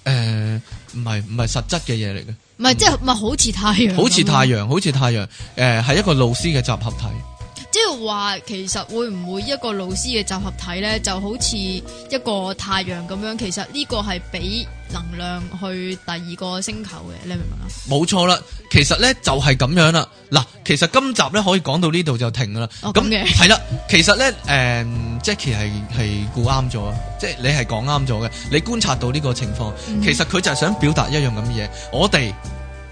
誒，唔係唔係實質嘅嘢嚟嘅，唔係即係唔係好似太陽，好似太陽，好似太陽，誒係、呃、一個老師嘅集合體。即係話，其實會唔會一個老師嘅集合體咧，就好似一個太陽咁樣？其實呢個係俾能量去第二個星球嘅，你明唔明啊？冇錯啦，其實咧就係咁樣啦。嗱，其實今集咧可以講到呢度就停噶啦。咁嘅係啦，其實咧，誒、um，Jackie 係係估啱咗，即係你係講啱咗嘅，你觀察到呢個情況，其實佢就係想表達一樣咁嘅嘢。嗯、哼我哋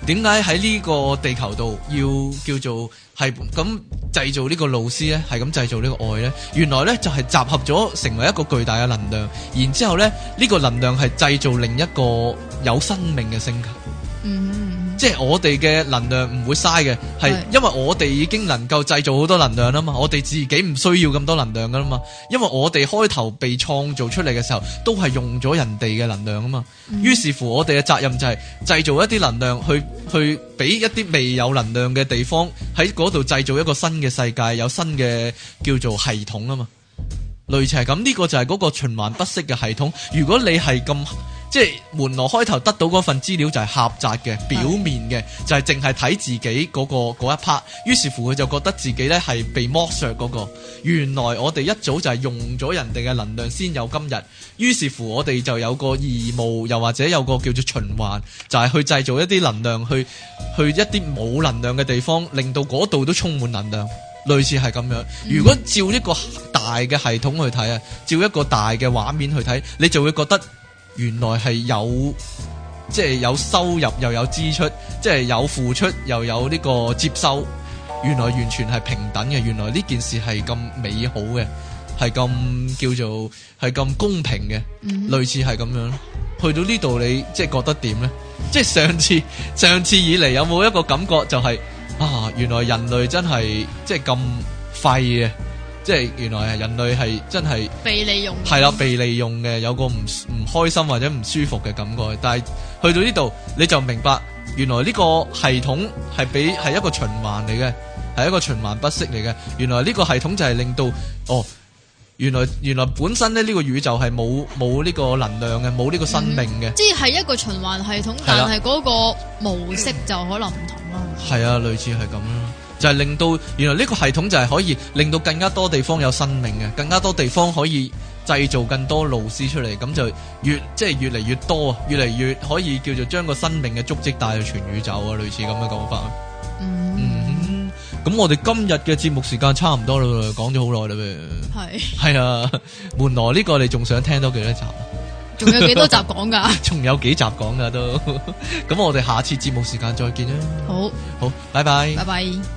點解喺呢個地球度要叫做？係咁製造呢個老師咧，係咁製造呢個愛咧。原來咧就係、是、集合咗成為一個巨大嘅能量，然之後咧呢、呢個能量係製造另一個有生命嘅星球。嗯。即係我哋嘅能量唔會嘥嘅，係因為我哋已經能夠製造好多能量啊嘛，我哋自己唔需要咁多能量噶啦嘛，因為我哋開頭被創造出嚟嘅時候，都係用咗人哋嘅能量啊嘛，嗯哼，於是乎我哋嘅責任就係製造一啲能量去去俾一啲未有能量嘅地方，喺嗰度製造一個新嘅世界，有新嘅叫做系統啊嘛，類似係咁，呢個就係嗰個循環不息嘅系統。如果你係咁。即係門羅開頭得到嗰份資料就係狹窄嘅表面嘅，就係淨係睇自己嗰個嗰一 part。於是乎佢就覺得自己呢係被剝削嗰個。原來我哋一早就係用咗人哋嘅能量先有今日。於是乎我哋就有個義務，又或者有個叫做循環，就係去製造一啲能量去去一啲冇能量嘅地方，令到嗰度都充滿能量。類似係咁樣。嗯、如果照一個大嘅系統去睇啊，照一個大嘅畫面去睇，你就會覺得。原來係有，即係有收入又有支出，即係有付出又有呢個接收。原來完全係平等嘅，原來呢件事係咁美好嘅，係咁叫做係咁公平嘅，mm hmm. 類似係咁樣。去到呢度你即係覺得點呢？即係上次上次以嚟有冇一個感覺就係、是、啊，原來人類真係即係咁廢嘅。即係原來係人類係真係被利用，係啦、啊、被利用嘅有個唔唔開心或者唔舒服嘅感覺，但係去到呢度你就明白原來呢個系統係俾係一個循環嚟嘅，係一個循環不息嚟嘅。原來呢個系統就係令到哦，原來原來本身咧呢、呢個宇宙係冇冇呢個能量嘅，冇呢個生命嘅、嗯，即係一個循環系統，但係嗰個模式就可能唔同啦。係啊，啊，類似係咁就係令到原來呢個系統就係可以令到更加多地方有生命嘅，更加多地方可以製造更多老師出嚟，咁就越即係、就是、越嚟越多啊，越嚟越可以叫做將個生命嘅足跡帶去全宇宙啊，類似咁嘅講法。嗯、咁、嗯、我哋今日嘅節目時間差唔多啦，講咗好耐啦，咩是？係係啊，門羅呢個你仲想聽到幾多，多集？仲有幾多集講噶？仲 有幾集講噶都？咁我哋下次節目時間再見啦。好，好，拜拜，拜拜。